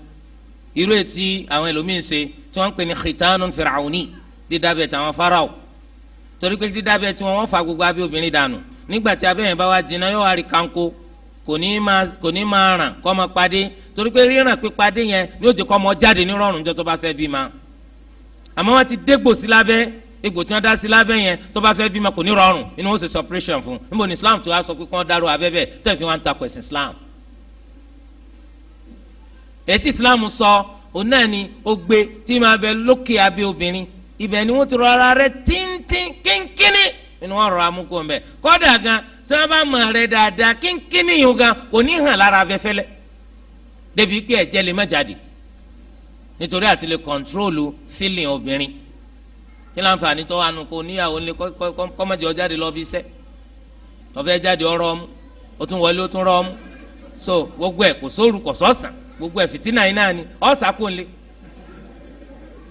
irú etí àwọn ẹlòmíín ṣe tí wọ́n ń pè ní khitanun firauni dídábẹ́ tàwọn farao torí pé dídábẹ́ tí wọ́n wọ́n fa gbogbo abẹ́ obìnrin dànù nígbà tí abẹ́ yẹn bá wá jiná yóò wá rí kanko kò ní máa ràn kọ́ máa padé torí pé ríràn pípadé yẹn yóò jẹ́ kọ́ máa jáde nírọ̀rùn jọ́ tó bá fẹ́ bímọ àmọ́ wọ́n ti dégbò sí lábẹ́ egbò tí wọ́n dá sí lábẹ́ yẹn tó bá fẹ́ bímọ kò ní rọrùn inú wọn ṣe suppression fún un níbo ni Islam tó wá sọ pé kí wọ́n dárò abẹ́bẹ́ tẹ̀ fi wọn ń takò Islam ètí islam sọ òun náà ni ó gbé tí máa bẹ lókè abẹ obìnrin ibẹ̀ ni wọ́n ti rọra rẹ tíntín kínkínní nínú wọn rọra mú kó ń bẹ kódà gan tí wọ́n bá mọ̀ rẹ dáadáa kínkínní yìí gan kò ní hàn lára abẹ́fẹ́lẹ́ débi pé ẹ̀jẹ̀ lè má jáde nítorí àti lè kọ̀ǹtrólù fílìn obìnrin kí láǹfààní tó wà nù kó níyàwó lè kọ́mọ̀jọ́ jáde lọ bí iṣẹ́ ọ̀fẹ́ jáde ọ̀rọ̀ ọmú ó tún wọlé ó tún rọ ọmú so gbogbo ẹ̀ kò sóru kò sọ̀sán gbogbo ẹ̀ fìtínà yìí náà ni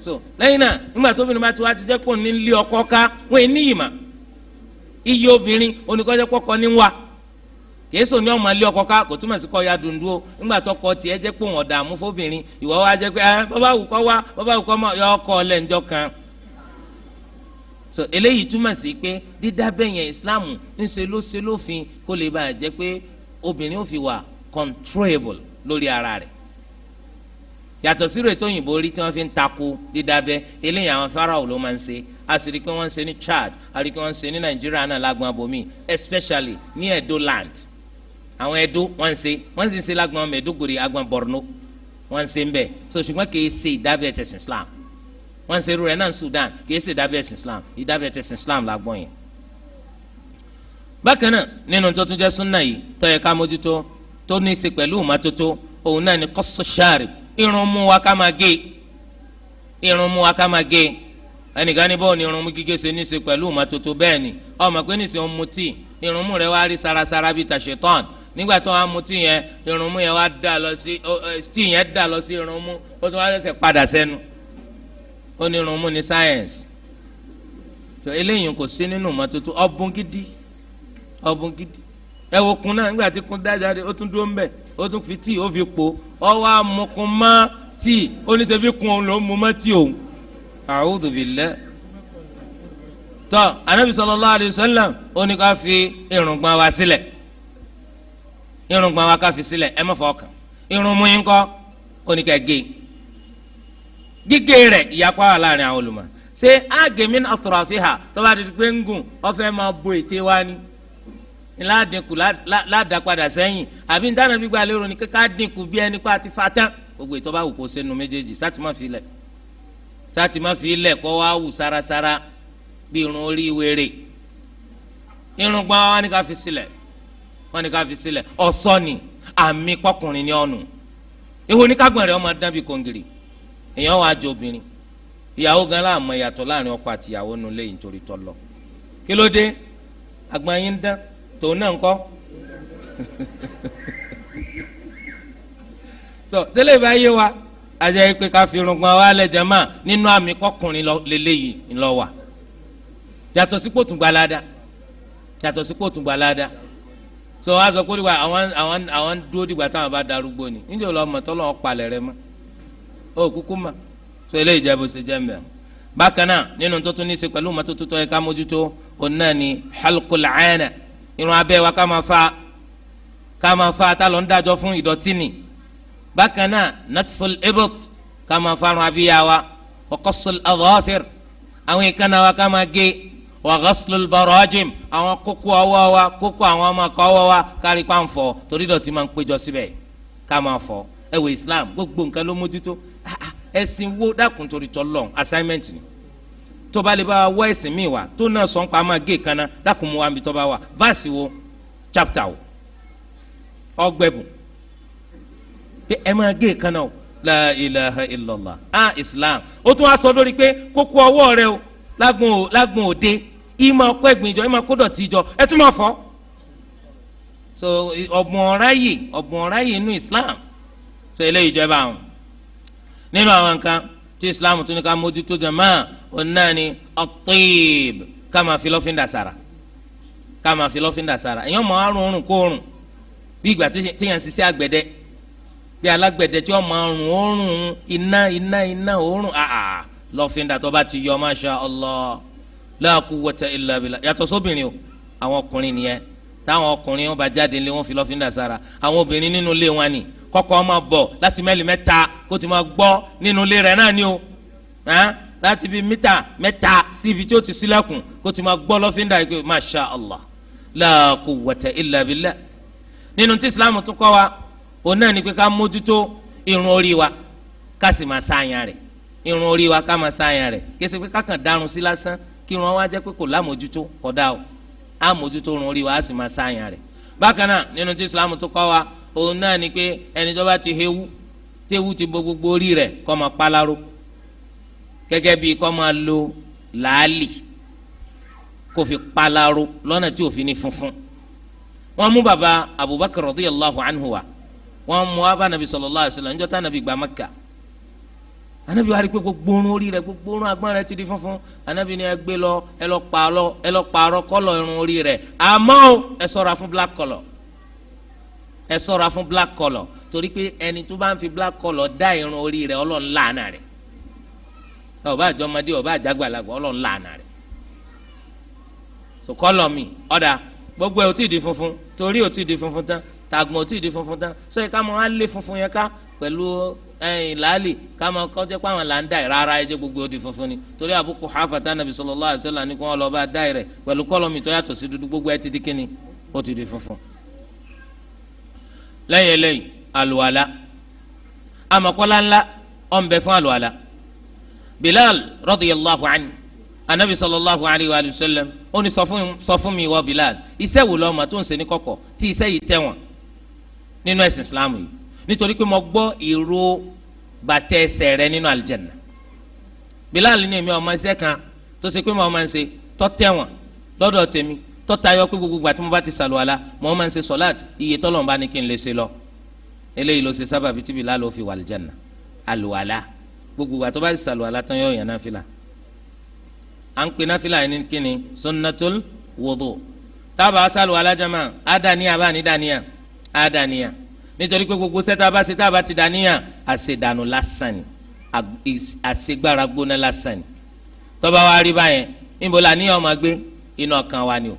so lẹ́yìn náà nígbà tó obìnrin bá ti wá ti jẹ́ pé ní lé ọkọ ká wọ́n ẹ̀ níyì mà iye obìnrin oníkọ́jẹ́ pọ́kọ́ ní wa kèésò ní ọmọ ilé ọkọ ká kò túmọ̀ sí kọ́ ya dundun o nígbà tó kọ tiẹ̀ jẹ́ pé òun ọ̀dààmú fóbìnrin ìwọ wa pé ẹ bàbá wù kọ́ wa bàbá wù kọ́ yọ ọkọ njọ kan so eléyìí túmọ̀ sí pé dídábẹ́yẹn ìsìláàmù ńṣe ló ṣe lófin kó lè bàa pé obìnrin ò fi yàtọ̀ sí rètò òyìnbó rí tí wọ́n fi ń takò dídábẹ́ eléyìí àwọn Fáráò ló máa ń ṣe a pé wọ́n ń ṣe ní Chad a rí i pé wọ́n ń ṣe ní Nàìjíríà náà lágbọn abomi especially ní Edo land àwọn Edo wọ́n ń ṣe wọ́n sì ń ṣe lágbọn Maiduguri agbọn Borno wọ́n ń ṣe ń bẹ̀ so ṣùgbọ́n kì í ṣe ìdábẹ́ tẹ̀sìn Islam wọ́n ń ṣe irú náà Sudan kì í ṣe ìdábẹ́ tẹ̀sìn Islam ìdábẹ́ tẹ̀sìn Islam lágbọn yẹn bákan náà nínú tó tún jẹ́ súnà yìí tó yẹ ká mójútó tó ní í ṣe pẹ̀lú ìmọ́tótó òun náà ni kọ́sọ́ ṣáàrì irun mú wa ká máa gé irun mú wa ká máa gé ẹnìkan ní bọ́ọ̀ ni irun mú gígé ṣe ní ṣe pẹ̀lú ìmọ́tótó bẹ́ẹ̀ ni ọmọ pé ní ṣe ń mutí irun mú rẹ wá rí sarasara bíi tàṣetán nígbà tó wá mutí yẹn irun mú yẹn wá dà lọ sí tí yẹn dà lọ sí irun mú ó tún wá ṣẹ̀ṣẹ̀ padà sẹ́nu ó ní irun mú ní sáyẹ̀nsì tó eléyìí kò sí nínú ìmọ́tótó ọ̀bùn gidi ọ̀bùn gidi ẹ wo kun náà nígbà tí kun dájà ó fi tíì ó fi po ọwọ́ amukun mọ́ tíì ó ní sẹ́fí kun òun ló mú mọ́ tíì òun. a'udhu billah. tọ́ anabi ó ní ká fi irùngbọ̀n wa sílẹ̀ irùngbọ̀n wa ká fi sílẹ̀ ẹ má fọ ọkàn irun mú ó ní ká gé gígé rẹ ìyapa wà láàrin àwọn ṣé àfihàn máa bo ète ni. ńlá dínkù ládàpadà sẹ́yìn àbí níta náà gbígbà lérò ní kíkà dínkù bí ẹni pa ti fatán gbogbo ètò bá wù kó sẹ́nu méjèèjì sátì má fi lẹ̀ sátì má fi lẹ̀ kọ́ wá wù sarasara bí irun orí wèrè irun gbọ́n wọn ni ká fi sílẹ̀ wọn ni ká fi sílẹ̀ ọ̀sọ́ ni àmì pọkùnrin ni ọ̀nù ihò ní kágbọ̀nrẹ́ ọmọ dábì kòǹgìrì èèyàn wàá jẹ obìnrin ìyàwó gan láàmú ìyàtọ̀ láàrin ọkọ àtìyàwó nulẹ̀ yìí nítorí tọ́lọ kí ló dé dán tòun náà ń kọ́ tó tẹ́lẹ̀ bá yé wa ajẹ́ pé ká fi irungbọn wa lẹ́jẹ̀ máa nínú àmì kọkùnrin lélẹ́yìí ńlọ wà yàtọ̀ sípò tún gba ládàá yàtọ̀ sípò tún gba ládàá tó a sọ pé wà àwọn àwọn àwọn ń dúró dìgbà táwọn bá darúgbó ni níjẹ́ lọ mọ̀ tọ́lọ́ palẹ̀ rẹ mọ́ ó kúkú mọ̀ tó eléyìí jẹ́ bó ṣe jẹ́ mbẹ́ bákan náà nínú tó tún ní í ṣe pẹ̀lú mọ́tótó tó yẹ ká mójútó òun náà ni halqul aana irun abẹ́ wa ká máa fa ká máa fa tá ló ń dájọ́ fún ìdọ̀tí ni bákan náà natful ibot ká máa fa irun abíyá wa wa qasul adhafir àwọn ìkànnà wa ká máa gé wa ghaslul barajim àwọn kókó ọwọ́ wa kókó àwọn ọmọ ọkọ ọwọ́ wa kárí pa ń fọ torí ìdọ̀tí máa ń péjọ síbẹ̀ ká máa fọ ẹ wo Islam gbogbo nǹkan ló mójútó ah, ah, ẹ̀sìn wo dákun torí tọ́lọ́ assignment ni tó bá lè bá wa wọ ẹ̀sìn mi wá tó náà sọ ń pa máa gé kaná dákun wa mi tó bá wa vaasi wo chapter wo ọgbẹ́bù pé ẹ máa gé kaná o la ilaha illallah ah islam ó tún wá sọ lórí pé kókó ọwọ́ rẹ o lágbọn lágbọn òde ìmọ̀ ọkọ ẹ̀gbìn ìjọ ìmọ̀ kódọ̀ tí ìjọ ẹ tún máa fọ́ so ọ̀gbọ̀n ọ̀ráyè ọ̀gbọ̀n ọ̀ráyè inú islam so eléyìí jọba àwọn nínú àwọn nǹkan tí islam tún ní ká mójútó jàmáà òun náà ni ọtíìb ká máa fi lọ́fíńdà sára ká máa fi lọ́fíńdà sára èèyàn máa wá rùn kóòrùn bí ìgbà téèyàn ṣiṣẹ́ àgbẹ̀dẹ bí alágbẹ̀dẹ tí wọ́n máa rùn òórùn iná iná iná òórùn àà lọ́fíńdà tó bá ti yọ masha Allah la quwwata illa billah yàtọ̀ sóbìnrin o àwọn ọkùnrin nìyẹn táwọn ọkùnrin wọn bá jáde lé wọn fi lọ́fíńdà sára àwọn obìnrin nínú ilé wọn ni kọ́kọ́ máa bọ̀ láti mẹ́lì mẹ́ta kó ti máa gbọ́ nínú ilé rẹ̀ náà ni o láti bí mítà mẹ́ta sí ibi tí ó ti sílẹ̀kùn kó ti máa gbọ́ lọ́fíńdà yìí pé masha allah la quwwata illa billah nínú tí islam tún kọ́ wa òun náà ni pé ká mójútó irun orí wa ká sì máa sáàyàn rẹ̀ irun orí wa ká máa sáàyàn rẹ̀ kí ẹsẹ̀ pé ká kàn dárun sí lásán kí irun wa jẹ́ pé kò lámójútó kódà o àmójútó irun orí wa á sì máa sáàyàn rẹ̀ bákan náà nínú tí islam tún kọ́ wa òun náà ni pé ẹni tó bá ti hewu tewu ti bo gbogbo orí rẹ̀ kó máa palaro gẹ́gẹ́ bíi kó máa lo làálì kó fi palaro lọ́nà tí òfin ni funfun wọ́n mú baba Abubakar radiyallahu anhu wa wọ́n mú abá nabi sallallahu alaihi wasallam níjọ́ tá nabi gbamaka anabi wa rí gbogbo orí gbogbo orun ti di funfun anabi ni ẹ gbé lọ ẹ kọlọ irun orí fún black color. ẹ ṣọ́ra fún black colour torí pé ẹni tó bá ń fi black colour dá irun orí rẹ̀ Ọlọ́run làánà rẹ̀ ọba àjọmọdé ọba àjàgbàlagbà Ọlọ́run làánà rẹ̀ so colour mi ọ̀dà gbogbo ẹ̀ ò tí ì di funfun torí ò tí ì di funfun tán tàgùn ò tí ì di funfun tán so ẹ ká mọ á funfun yẹn ká pẹ̀lú ẹyin làálì ká mọ kọjá pé là ń dà yìí rárá ẹjẹ gbogbo ó di funfun ni torí Abu Quhafa tá nàbì sallallahu alaihi wasallam ni kí wọ́n lọ́ọ́ bá dà yìí rẹ̀ pẹ̀lú colour mi tó yàtọ̀ sí dúdú gbogbo ẹ ti di kíni ó ti di funfun lẹ́yìn eléyìí àlùwàlà amakọ́lá ńlá ọ̀nbẹ fún àlùwàlà bilal radiyallahu anhu anabi sallallahu alayhi wa sallam ó ní sọ fún mi wọ bilal iṣẹ́ wo lọ́mọ tó ń ṣe ní kọ̀kọ̀ tí iṣẹ́ yìí tẹ̀wọ̀n nínú ẹ̀sìn islam yìí nítorí pé mo gbọ́ ìró bàtẹ́ ẹsẹ̀ nínú aljanna bilal ní èmi ọmọ iṣẹ́ kan tó ṣe pé mo máa ń ṣe tọ́tẹ̀wọ̀n lọ́dọ̀ tèmi tọ́tayọ pé gbogbo ìgbà tí mo bá ti sàlùwàlà mo máa ń ṣe sọ́láàtì iye tọ́lọ́run bá ní kí n lè ṣe lọ eléyìí ló ṣe sábàbí tíbi lálọ́ fi wà lìjànà àlùwàlà gbogbo ìgbà tó bá ti sàlùwàlà tán yóò yàn náfìlà à ń pè náfìlà yìí ní kíni sunnatul wudu tábà sàlùwàlà jama àdàníyà bá ní dàníyà àdàníyà nítorí pé gbogbo sẹ́tà bá ṣe tábà ti dàníyà àṣedànù lásán ni àṣegbára gbóná lásán ni tọ́ba wa rí báyẹn níbo la níyà ọmọ gbé inú ọkàn wa ni o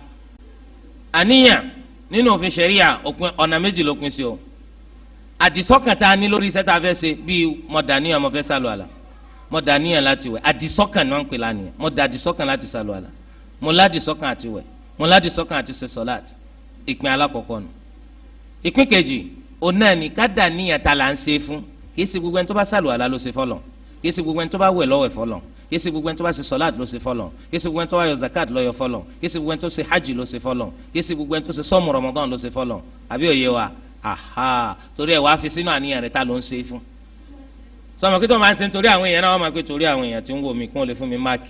àníyàn nínú òfin ṣẹ̀ríà ọ̀nà méjì ló pín sí o àdìsọ́kàn tá a ní lórí iṣẹ́ tá a fẹ́ ṣe bíi mo dàníyàn mo fẹ́ sálọ àlà mo dàníyàn láti wẹ̀ àdìsọ́kàn ni wọ́n ń pè lánìyàn mo dàdìsọ́kàn láti sálọ àlà mo àti wẹ̀ mo àti ṣe sọ́láàtì ìpín alákọ̀ọ́kọ́ nù ìpín kejì òun ni ká dàníyàn tá là ń ṣe fún kì í ṣe gbogbo ẹni tó bá sálọ àlà ló ṣe fọlọ kì í ṣe gbogbo ẹni tó bá wẹ̀ lọ́wẹ̀ fọlọ yéésì gbogbo ẹni tó bá ṣe sọláàdì ló ṣe fọlọ yéésì gbogbo ẹni tó bá yọ zakat ló yọ fọlọ yéésì gbogbo ẹni tó ṣe hajj ló ṣe fọlọ yéésì gbogbo ẹni tó ṣe sọmù rọmọdán ló ṣe fọlọ àbí òye wa aha torí ẹ wàá fi sínú àníyàn rẹ ta ló ń ṣe fún sọmọ kí tó máa ṣe torí àwọn èèyàn náà wọn máa pé torí àwọn èèyàn tí ń wò mí kún ó lè fún mi máàkì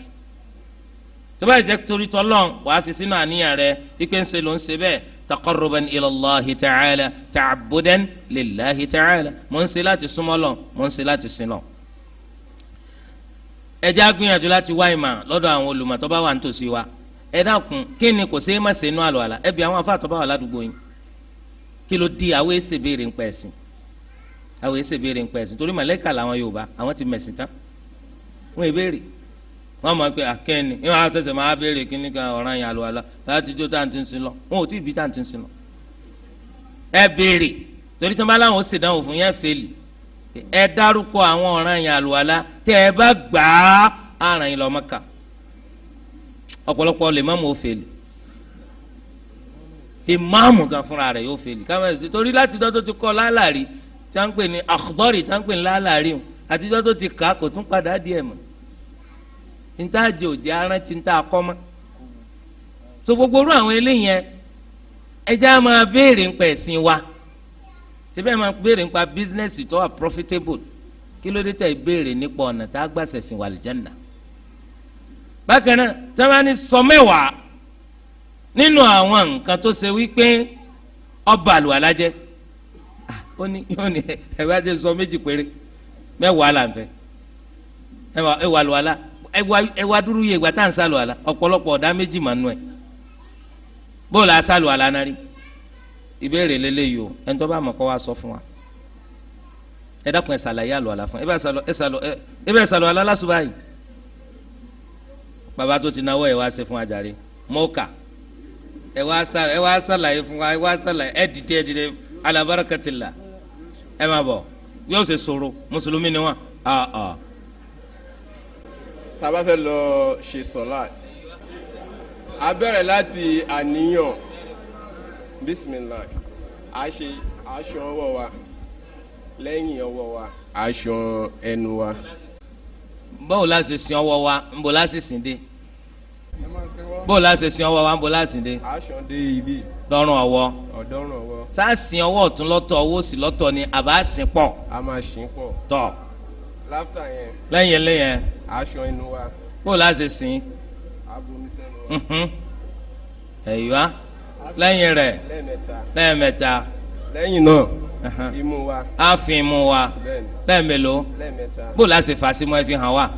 tó bá jẹ́ torí tọlọ́n wàá fi sínú àníyàn rẹ ipe ń ṣe ló ń ṣe bẹ́ẹ̀ taqarruban ilallahi ta'ala ta'abbudan lillahi ta'ala mò ń ṣe láti súnmọ́ lọ mò ń ṣe láti sin lọ ẹjẹ́ agbìyànjú láti wá ìmọ̀ lọ́dọ̀ àwọn olùmọ̀ tó bá wà nítòsí wa ẹ dákun kí ni kò sí má ṣe inú àlọ́ àlà ẹ bí àwọn afáàtọ̀ bá wà ládùúgbò yín kí ló di àwọn èsè béèrè ń pẹ̀sìn àwọn èsè béèrè ń pẹ̀sìn torí màlẹ́kà làwọn Yorùbá àwọn ti mẹ̀sìn tán wọ́n ì béèrè wọ́n mọ̀ pé akẹ́ni ìwọ̀n àṣẹṣẹ máa béèrè kí nìkan ọ̀ràn yẹn àlọ́ àlà láti jó táǹtì ń ẹ dárúkọ àwọn ọ̀ràn yẹn àlùwàlá tẹ ẹ bá gbà á àràn yẹn lọ Mákà ọ̀pọ̀lọpọ̀ lè má mú o fèlè ìmáàmù gan fúnra rẹ̀ yóò fèlè kámẹ́sì torí láti dọ́ tó ti kọ́ lálàrí tí wọ́n ń pè ní akhdari tí ní lálàrí o àtijọ́ tó ti kà á kò tún padà díẹ̀ mọ́ níta jẹ òjẹ́ arántí níta akọ́ mọ́ so gbogbo orú àwọn eléyẹn ẹ jẹ́ á máa béèrè ń pẹ̀ ẹ̀sìn wa síbẹ̀ máa béèrè nípa bísínẹ́sì tó wà profitable kí ló dé tẹ̀ béèrè nípa ọ̀nà tá a gbà sẹ̀sìn wà lìjánà bákan náà tí wọ́n bá ní sọ mẹ́wàá nínú àwọn nǹkan tó ṣe wípé ọba àlùwàlá jẹ́ ó ní yóò ní ẹ bá ti sọ méjì péré mẹ́wàá là ń fẹ́ ẹ wà àlùwàlá ẹ dúró yẹ ìgbà tá à ń sálùwàlá ọ̀pọ̀lọpọ̀ ọ̀dá méjì mà nù ẹ̀ bóòlù àsálùwàlá náà rí ìbéèrè lélẹ́yìí o ẹni tó bá mọ̀ kó wá sọ fún wa ẹ dákun ẹ ṣàlàyé àlọ́ àlá fún ẹ bẹ́ẹ̀ ṣàlọ́ àlá lásùbà yìí bàbá tó ti náwó ẹ wá ṣe fún wa jàre mọ́ọ̀kà ẹ wá ṣàlàyé fún wa ẹ wá ṣàlàyé ẹ dìde ẹ dìde alabarakatila ẹ máa bọ̀ yóò ṣe sọ̀rọ̀ mùsùlùmí ni wọn. tá a bá fẹ́ lọ ṣe sọ́láàtì a bẹ̀rẹ̀ láti àníyàn bisimilah a ṣe aṣọ ọwọ́ wa lẹ́yìn ọwọ́ wa aṣọ ẹnu wa. báwo la ṣe sin ọwọ́ wa ń bọ̀ la ṣe sìn dé bó la ṣe sin ọwọ́ wa ń bo la sin de. aṣọ de ibi. lọ́rùn ọwọ́. ọ̀dọ́rùn ọwọ́. tá a sin ọwọ́ ọ̀tún lọ́tọ̀ ọwọ́ òsì lọ́tọ̀ ni a bá sin pọ̀. a máa sin pọ̀. tọ̀. láfta yẹn. lẹ́yìn lẹ́yìn. aṣọ inú wa. bó la ṣe sin. abomi sẹ́nu wa. Mhm. ẹ̀yọ́ lẹ́yìn rẹ̀ lẹ́ẹ̀mẹ́ta lẹ́yìn náà imú wa á fi imú wa lẹ́ẹ̀mélòó bó la ṣe fà á sí mọ́ ẹ fi hàn wá.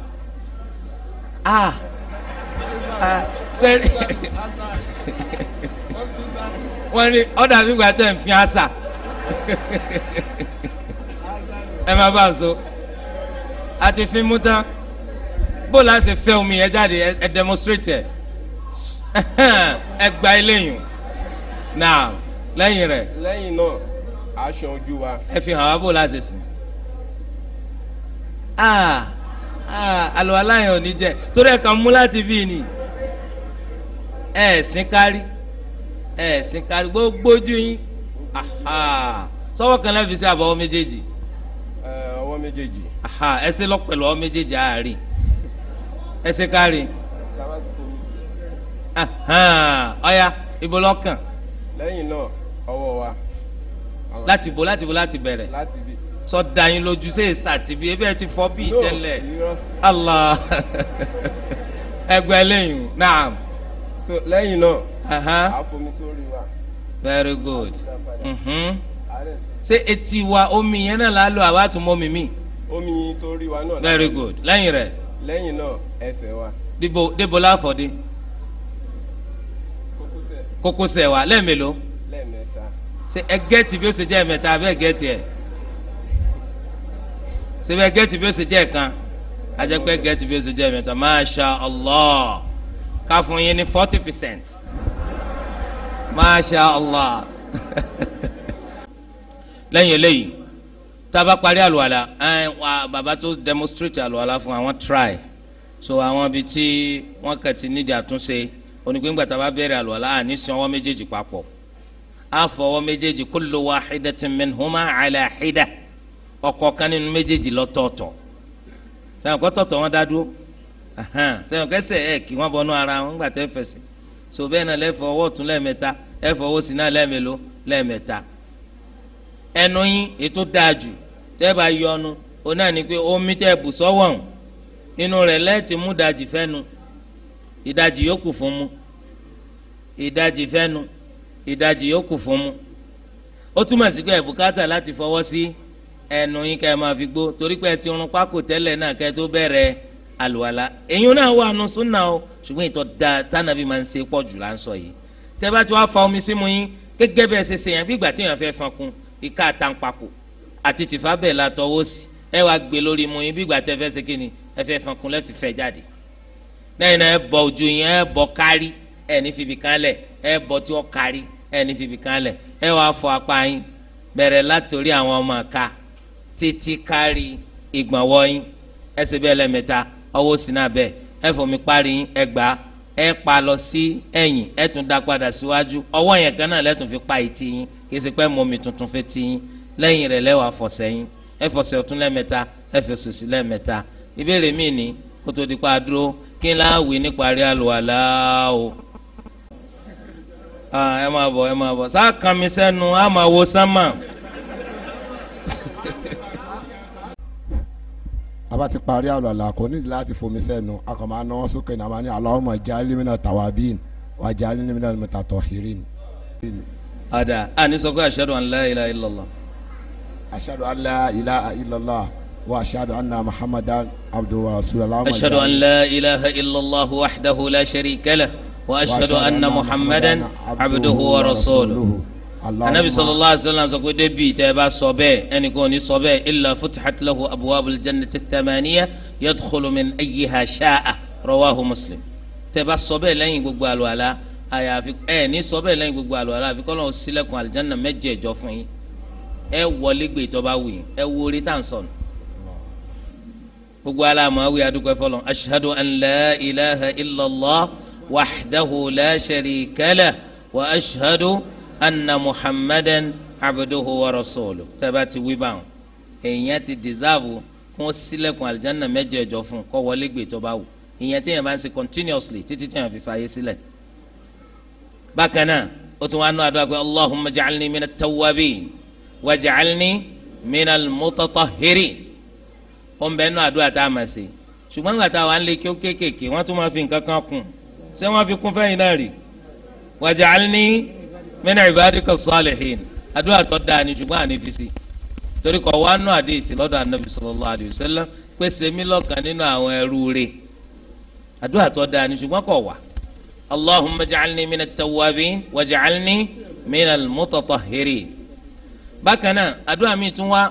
wọ́n ní ọ̀dà fígbà tẹ̀ ń fi àṣà ẹ má bá a so àti fi mú tán bó la ṣe fẹ́ omi yẹn jáde ẹ demonstrate ẹ ẹ gba eléyìí náà lẹ́yìn rẹ̀. lẹ́yìn náà a ṣan ojú wa. ẹ fi hàn wá bó la ṣe sìn. Ah, ah, àlọ́ aláyàn ò ní jẹ torí ẹ̀ kàn mú láti bí ni ẹ̀ sín kárí ẹ̀ sín kárí gbogbo ojú yín sọ́wọ́ kan lẹ́bi sí àbọ̀wọ́ méjèèjì. ọwọ́ méjèèjì. ẹsẹ̀ lọ́pẹ̀lọ́ ọwọ́ méjèèjì àárín ẹsẹ̀ kárí ọ̀ya ibo lọ́kàn lẹ́yìn náà ọwọ́ wa. láti bo láti bo láti bẹ̀rẹ̀. láti bi. sọ da yín lójú ṣe é sàtìbí ebi ẹ ti fọ bíi tẹ́lẹ̀ Allah ẹgbẹ́ lẹ́yìn naam. so lẹ́yìn náà. a fomi sórí wa. very good. Mhm. ṣé etí wa omi yẹn náà lálọ àwa tún mọ́ mi mi. omi yìí tó rí wa náà. very good lẹ́yìn rẹ̀. lẹ́yìn náà ẹsẹ̀ wa. dìbò dìbò láfọ̀dé kókósẹ̀ wa lẹ́ẹ̀mélòó ṣe ẹ gẹ́ẹ̀tì bí ó ṣe jẹ́ ẹ̀mẹ́ta abẹ́ gẹ́ẹ̀tì ẹ̀ ṣe bẹ́ẹ̀ gẹ́ẹ̀tì bí ó ṣe jẹ́ ẹ̀kan ajẹ́pẹ́ gẹ́ẹ̀tì bí ó ṣe jẹ́ ẹ̀mẹ́ta masha allah ká fún yín ní forty percent masha allah lẹ́yìn eléyìí tá a bá parí wa bàbá tó demonstrate àlùwàlà fún àwọn try so àwọn ibi tí wọ́n kẹ̀ ti nídìí àtúnṣe onígbẹ́ngbà tá a bá bẹ̀rẹ̀ àlùwàlá àní sin ọwọ́ méjèèjì papọ̀ àfọwọ́ méjèèjì kullu wahidatin minhuma ala hida ọ̀kọ̀ọ̀kan nínú méjèèjì lọ́tọ̀ọ̀tọ̀ sẹ́wọ̀n kọ́ tọ̀tọ̀ wọn dá dúró sẹ́wọ̀n kẹsẹ̀ ẹ̀ kí wọ́n bọnú ara wọn gbà tẹ́ fẹsẹ̀ so bẹ́ẹ̀ náà lẹ́fọ̀ ọwọ́ tún lẹ́ẹ̀mẹ́ta ẹ̀fọ̀ ọwọ́ sí náà lẹ́ẹ̀mẹ́lò lẹ́ẹ̀mẹ́ta ẹnu ìdajì yòókù fún mu ìdajì fẹ́nu ìdajì yòókù fún mu ó túmọ̀ sí pé ẹ̀bùkátà láti fọwọ́ sí ẹnu yín kẹ́ ẹ máa fi gbó torí pé ẹ ti rún pákó tẹ́lẹ̀ náà kẹ́ ẹ tó bẹ̀rẹ̀ àlùwàlà èyí náà wà nù súnà o ṣùgbọ́n ìtọ́ da tánàbí máa ń ṣe pọ̀ jù láǹsọ yìí tẹ́ bá ti wá fa omi símu yín gẹ́gẹ́ bẹ́ẹ̀ ṣe ṣe bí ìgbà tí èèyàn fẹ́ fankun ìka àtàǹpàkò àti tìfá bẹ́ẹ̀ la tọwọ́ sí ẹ wá gbé lórí mu yín bí ìgbà tẹ́ fẹ́ ṣe kíni ẹ fẹ́ fankun lẹ́fìfẹ́ jáde lẹ́yìn náà ẹ bọ ojú yín ẹ bọ kárí ẹ ní fìbí kan lẹ̀ ẹ bọ tí ó kárí ẹ ní fìbí kan lẹ̀ ẹ wàá fọ apá yín bẹ̀rẹ̀ látòrí àwọn ọmọ àka títí kárí ìgbọ̀nwọ́ yín ẹ bẹ́ẹ̀ lẹ́mẹ̀ta ọwọ́ sí náà bẹ́ẹ̀ ẹ fòmí parí yín ẹ gbà á ẹ pa lọ sí ẹ̀yìn ẹ tún da padà síwájú ọwọ́ yẹn kan náà lẹ́tùn fi pa ìtì yín kì í ṣe pé mọ́mì tuntun fi ti yín lẹ́yìn rẹ̀ lẹ́wà fọ̀sẹ̀ yín ẹ fọ̀sẹ̀ ọ̀tún lẹ́mẹ̀ta ẹ fọ̀sẹ̀ sí lẹ́mẹ̀ta ìbéèrè míì ní kótó dípá dúró kí n láwìí níparí àlùwàlá o ẹ máa bọ̀ ẹ máa bọ̀ sáà kàn mí sẹ́nu á máa wo sánmà. àbá ti parí àlùwàlá kò nídìí láti fomi sẹ́nu a kàn máa náwó sókè náà máa ní Allahumma ij'alni minat tawabin waj'alni minal mutatahhirin. ada a ní sọ pé ashadu an la ilaha illallah. ashadu an la وأشهد أن محمدا عبده ورسوله اللهم أشهد أن لا إله إلا الله وحده لا شريك له وأشهد أن محمدا عبده ورسوله anabi sallallahu alaihi wa sallam sọ pé débi tẹ ẹ bá sọ bẹ́ẹ̀ ẹnì kan ò ní sọ bẹ́ẹ̀ illa futihat lahu abwabul jannati thamaniya yadkhulu min ayyiha sha'a rawahu muslim tẹ ẹ bá sọ bẹ́ẹ̀ lẹ́yìn gbogbo àlùwàlá àyàfi ẹ ní sọ bẹ́ẹ̀ lẹ́yìn gbogbo àlùwàlá àfi kọ́ lọ́wọ́ ṣílẹ̀kùn àlìjáná mẹ́jẹ̀ẹ̀jọ fún yín ẹ wọlé gbé tó bá wù yín ẹ wo orí tá à ń sọnù gbogbo aláàmọ́wé adúgbò fọlọ́ ashadu an la ilaha illallah wahdahu la sharika lah wa ashadu anna muhammadan abduhu wa rasuluhu tẹ́bà ti wí báwọn èèyàn ti dìsáàbù kún sílẹ̀kùn aljanna mẹ́jẹ̀ẹ̀jọ fún kọ́ wọlé gbé tó bá wù ìyẹn tí yẹn bá ń ṣe continuously títí tí yẹn fi fààyè sílẹ̀. bákan náà ó tún wá nú àdúrà pé allahumma ja'alni minat tawwabin wa ja'alni minal mutatahhirin ó ń bẹ nínú àdúrà tá a máa ṣe ṣùgbọ́n nígbà tá a wà ń lé kí ó kéékèèké wọ́n tún máa fi nǹkan kan kún ṣé wọ́n fi kún fẹ́yìn náà rí waj'alni min ibadika salihin àdúrà tó dáa ni ṣùgbọ́n àní fi sí torí kọ̀ wá nù àdéhìí lọ́dọ̀ anabi sallallahu alayhi wa sallam pé lọ́kàn nínú àwọn ẹrú rẹ̀ àdúrà tó dáa ni ṣùgbọ́n kọ̀ wá allahumma ja'alni min at-tawwabin waj'alni min al-mutatahhirin bákan náà àdúrà mi tún wá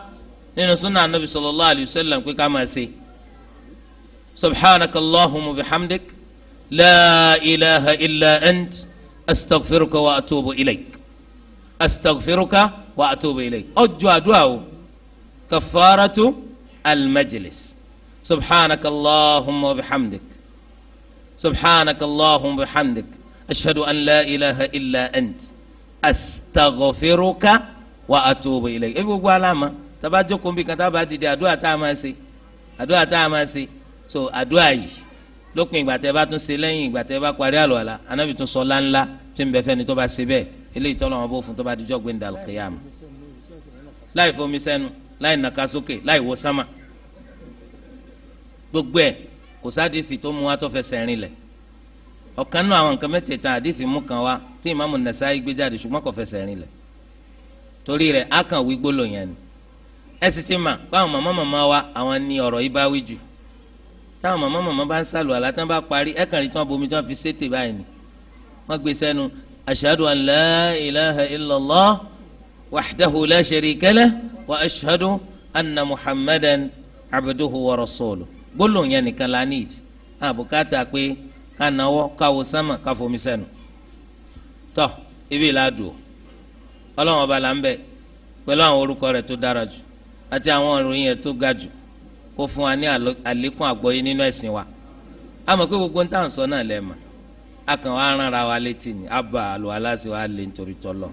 nínú sunnah anabi sallallahu alayhi wa sallam pé ká máa ṣe subhanaka allahumma bihamdik la ilaha illa ant astaghfiruka wa atubu ilayk astaghfiruka wa atubu ilayk ọjọ́ àdúrà o kafaratu almajlis subhanaka allahumma bihamdik subhanaka allahumma bihamdik ashadu an la ilaha illa ant astaghfiruka wa atubu ilayk ebi gbogbo alama. Taba jókòó nbí kan tába dìde àdúrà tá a máa ṣe àdúrà tá a máa ṣe so àdúrà yìí lópin ìgbà tẹ bá tún ṣe lẹ́yìn ìgbà tẹ bá parí àlùwàlá anábì tún sọ láńlá tí ń bẹ fẹ́ni tó bá ṣe bẹ́ẹ̀ eléyìí tọ́lọ́ wọn bó fún tó bá dijọ́ gbé ndàlù kìyàmù láì fomi sẹ́nu láì nàka sókè láì wo sámà gbogbo ẹ̀ kò sádìsì tó mú wa tó fẹsẹ̀ rìn lẹ̀ ọ̀kan náà àwọn nǹkan mẹ́tẹ̀ẹ̀ta àdìsì mú kan wa tí ìmáàmù Nasa'i gbé jáde ṣùgbọ́n kò fẹsẹ̀ rìn lẹ̀ torí rẹ̀ á kàn wí gbólóyìn ẹni ẹ sì ti mà báwọn màmá màmá wa àwọn ni ọ̀rọ̀ yìí bá wí jù táwọn màmá màmá bá ń sàlù àlá tán bá parí ẹ kàn rí tí wọ́n bomi tí wọ́n fi ṣètè báyìí ni wọ́n gbé sẹ́nu ashhadu an la ilaha illallah wahdahu la sharika lah wa ashhadu anna muhammadan abduhu wa rasuluhu yẹn nìkan la ní àbùkátà pé ká nawọ́ ká wo sánmà ká ibi ìlà dùn ọlọ́run ọba là ń bẹ̀ pẹ̀lú àwọn orúkọ rẹ̀ tó dára jù àti àwọn ìròyìn ẹ̀ tó ga jù kó fún wa ní àlékún àgbọ́yé nínú ẹ̀sìn wa a mọ̀ pé gbogbo ń tà ń sọ náà lẹ́ẹ̀ma a kàn wá rán ara wa létí ni a bá àlọ́ aláṣẹ wa lè nítorí tọ́lọ̀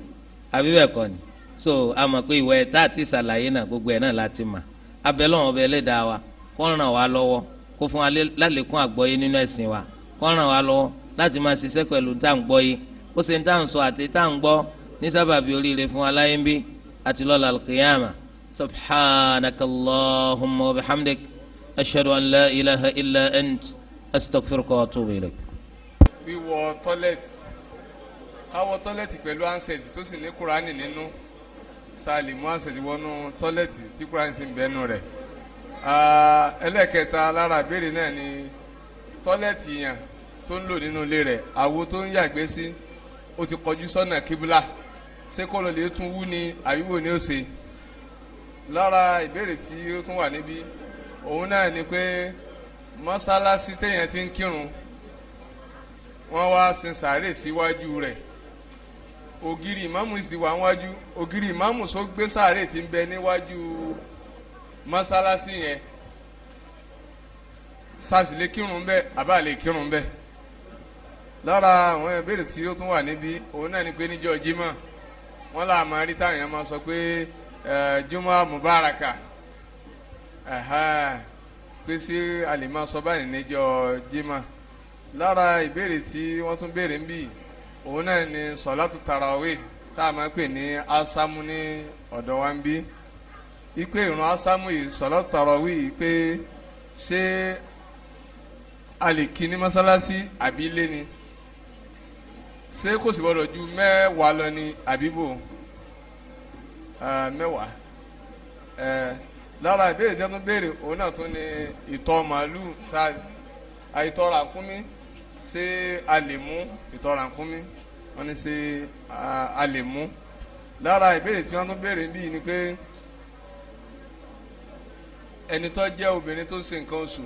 àbí kọ́ ni so a mọ̀ pé ìwẹ̀ tá àti ìsàlàyé náà gbogbo ẹ̀ náà láti mà abẹ́ lọ́wọ́ bẹ́ẹ̀ lè dá wa kó ràn wá lọ́wọ́ kó fún wa lálékún àgbọ́yé nínú ẹ̀sìn wa kó ràn wá lọ́wọ́ láti máa ṣiṣẹ́ pẹ̀lú tá à ń gbọ́ ó ṣe tá à sọ àti tá à ń gbọ́ ní sábàbí oríire fún aláyé ń bí àti lọ́la kìyàmà سبحانك اللهم وبحمدك أشهد أن لا إله إلا أنت أستغفرك وأتوب إليك káwọ tọ́lẹ̀tì pẹ̀lú ansẹ̀tì tó sì ní kúránì nínú sáàlì mú ansẹ̀tì wọnú tọ́lẹ̀tì tí kúránì sì ń bẹnu rẹ̀ ẹlẹ́kẹta lára ìbéèrè náà ni tọ́lẹ̀tì yàn tó ń lò nínú ilé rẹ̀ àwo tó ń yàgbé sí ó ti kọjú sọ́nà kíbúlà ṣé kọ́ tún wú ni àyíwò ni ó ṣe lára ìbéèrè tí ó tún wà níbí òun náà ni pé mọ́sálásí téèyàn ti ń kírun wọ́n wá sin sàárè síwájú rẹ̀ ògiri ìmáàmù sì wà níwájú ògiri ìmáàmù só gbé sàárè ti ń bẹ níwájú mọ́sálásí yẹn sàṣì lè kírun bẹ́ẹ̀ àbá lè kírun bẹ́ẹ̀ lára àwọn ìbéèrè tí ó tún wà níbí òun náà ni pé níjọ́ Jímọ̀ wọ́n là máa rí táwọn èèyàn máa sọ pé juma mubaraka pé sí àlèmọ́ sọ báyìí níjọ jimá lára ìbéèrè tí wọ́n tún béèrè ń bì òun náà ni sọ̀látù tarawih tá a máa pè ní asámú ní ọ̀dọ̀ wa ń bí ipe ìrun asámú yìí sọ̀látù tarawih yìí pé ṣé a kí ní mọ́sálásí àbí ilé ni ṣé kò sì gbọ́dọ̀ ju mẹ́wàá lọ ni àbí bò Ah, mẹ́wàá eh, lára ìbéèrè tí a tún béèrè òun náà tún ni ìtọ̀ màálù sa àìtọ̀ ràkúnmí ṣé a lè mú ìtọ̀ ràkúnmí wọ́n ní ṣé a lè mú lára ìbéèrè tí wọ́n tún béèrè bí ni pé ẹnitọ́ jẹ́ obìnrin tó ṣe nǹkan oṣù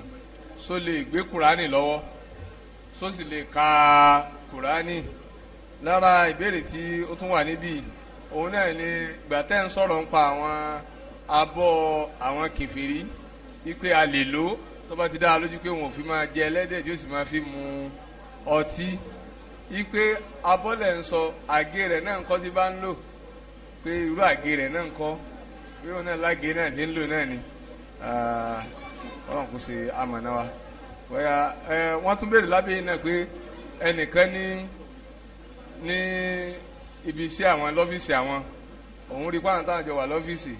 só lè gbé kùránì lọ́wọ́ só sì lè ka kùránì lára ìbéèrè tí ó tún wà níbí yìí. òun náà ni gbàtẹ́ ń sọ̀rọ̀ ń pa àwọn abọ́ àwọn kẹfìrí wípé a lè lò ó tó bá ti dá a lójú pé wọn ò fi máa jẹ ẹlẹ́dẹ̀ tí ó sì máa fi mu ọtí wípé abọ́lẹ̀ ń sọ àgé rẹ̀ náà ń kọ́ sí bá ń lò pé irú àgé rẹ̀ náà ń kọ́ pé òun náà lágé náà ti ń lò náà ni ah, ọlọ́run kò ṣe amọ̀nà wa eh, wọ́n tún béèrè lábẹ́ yìí náà pé ẹnìkan ní ní ibi iṣẹ́ àwọn lọ́fíìsì àwọn òun rí pàrọ̀ táwọn jọ wà lọ́fíìsì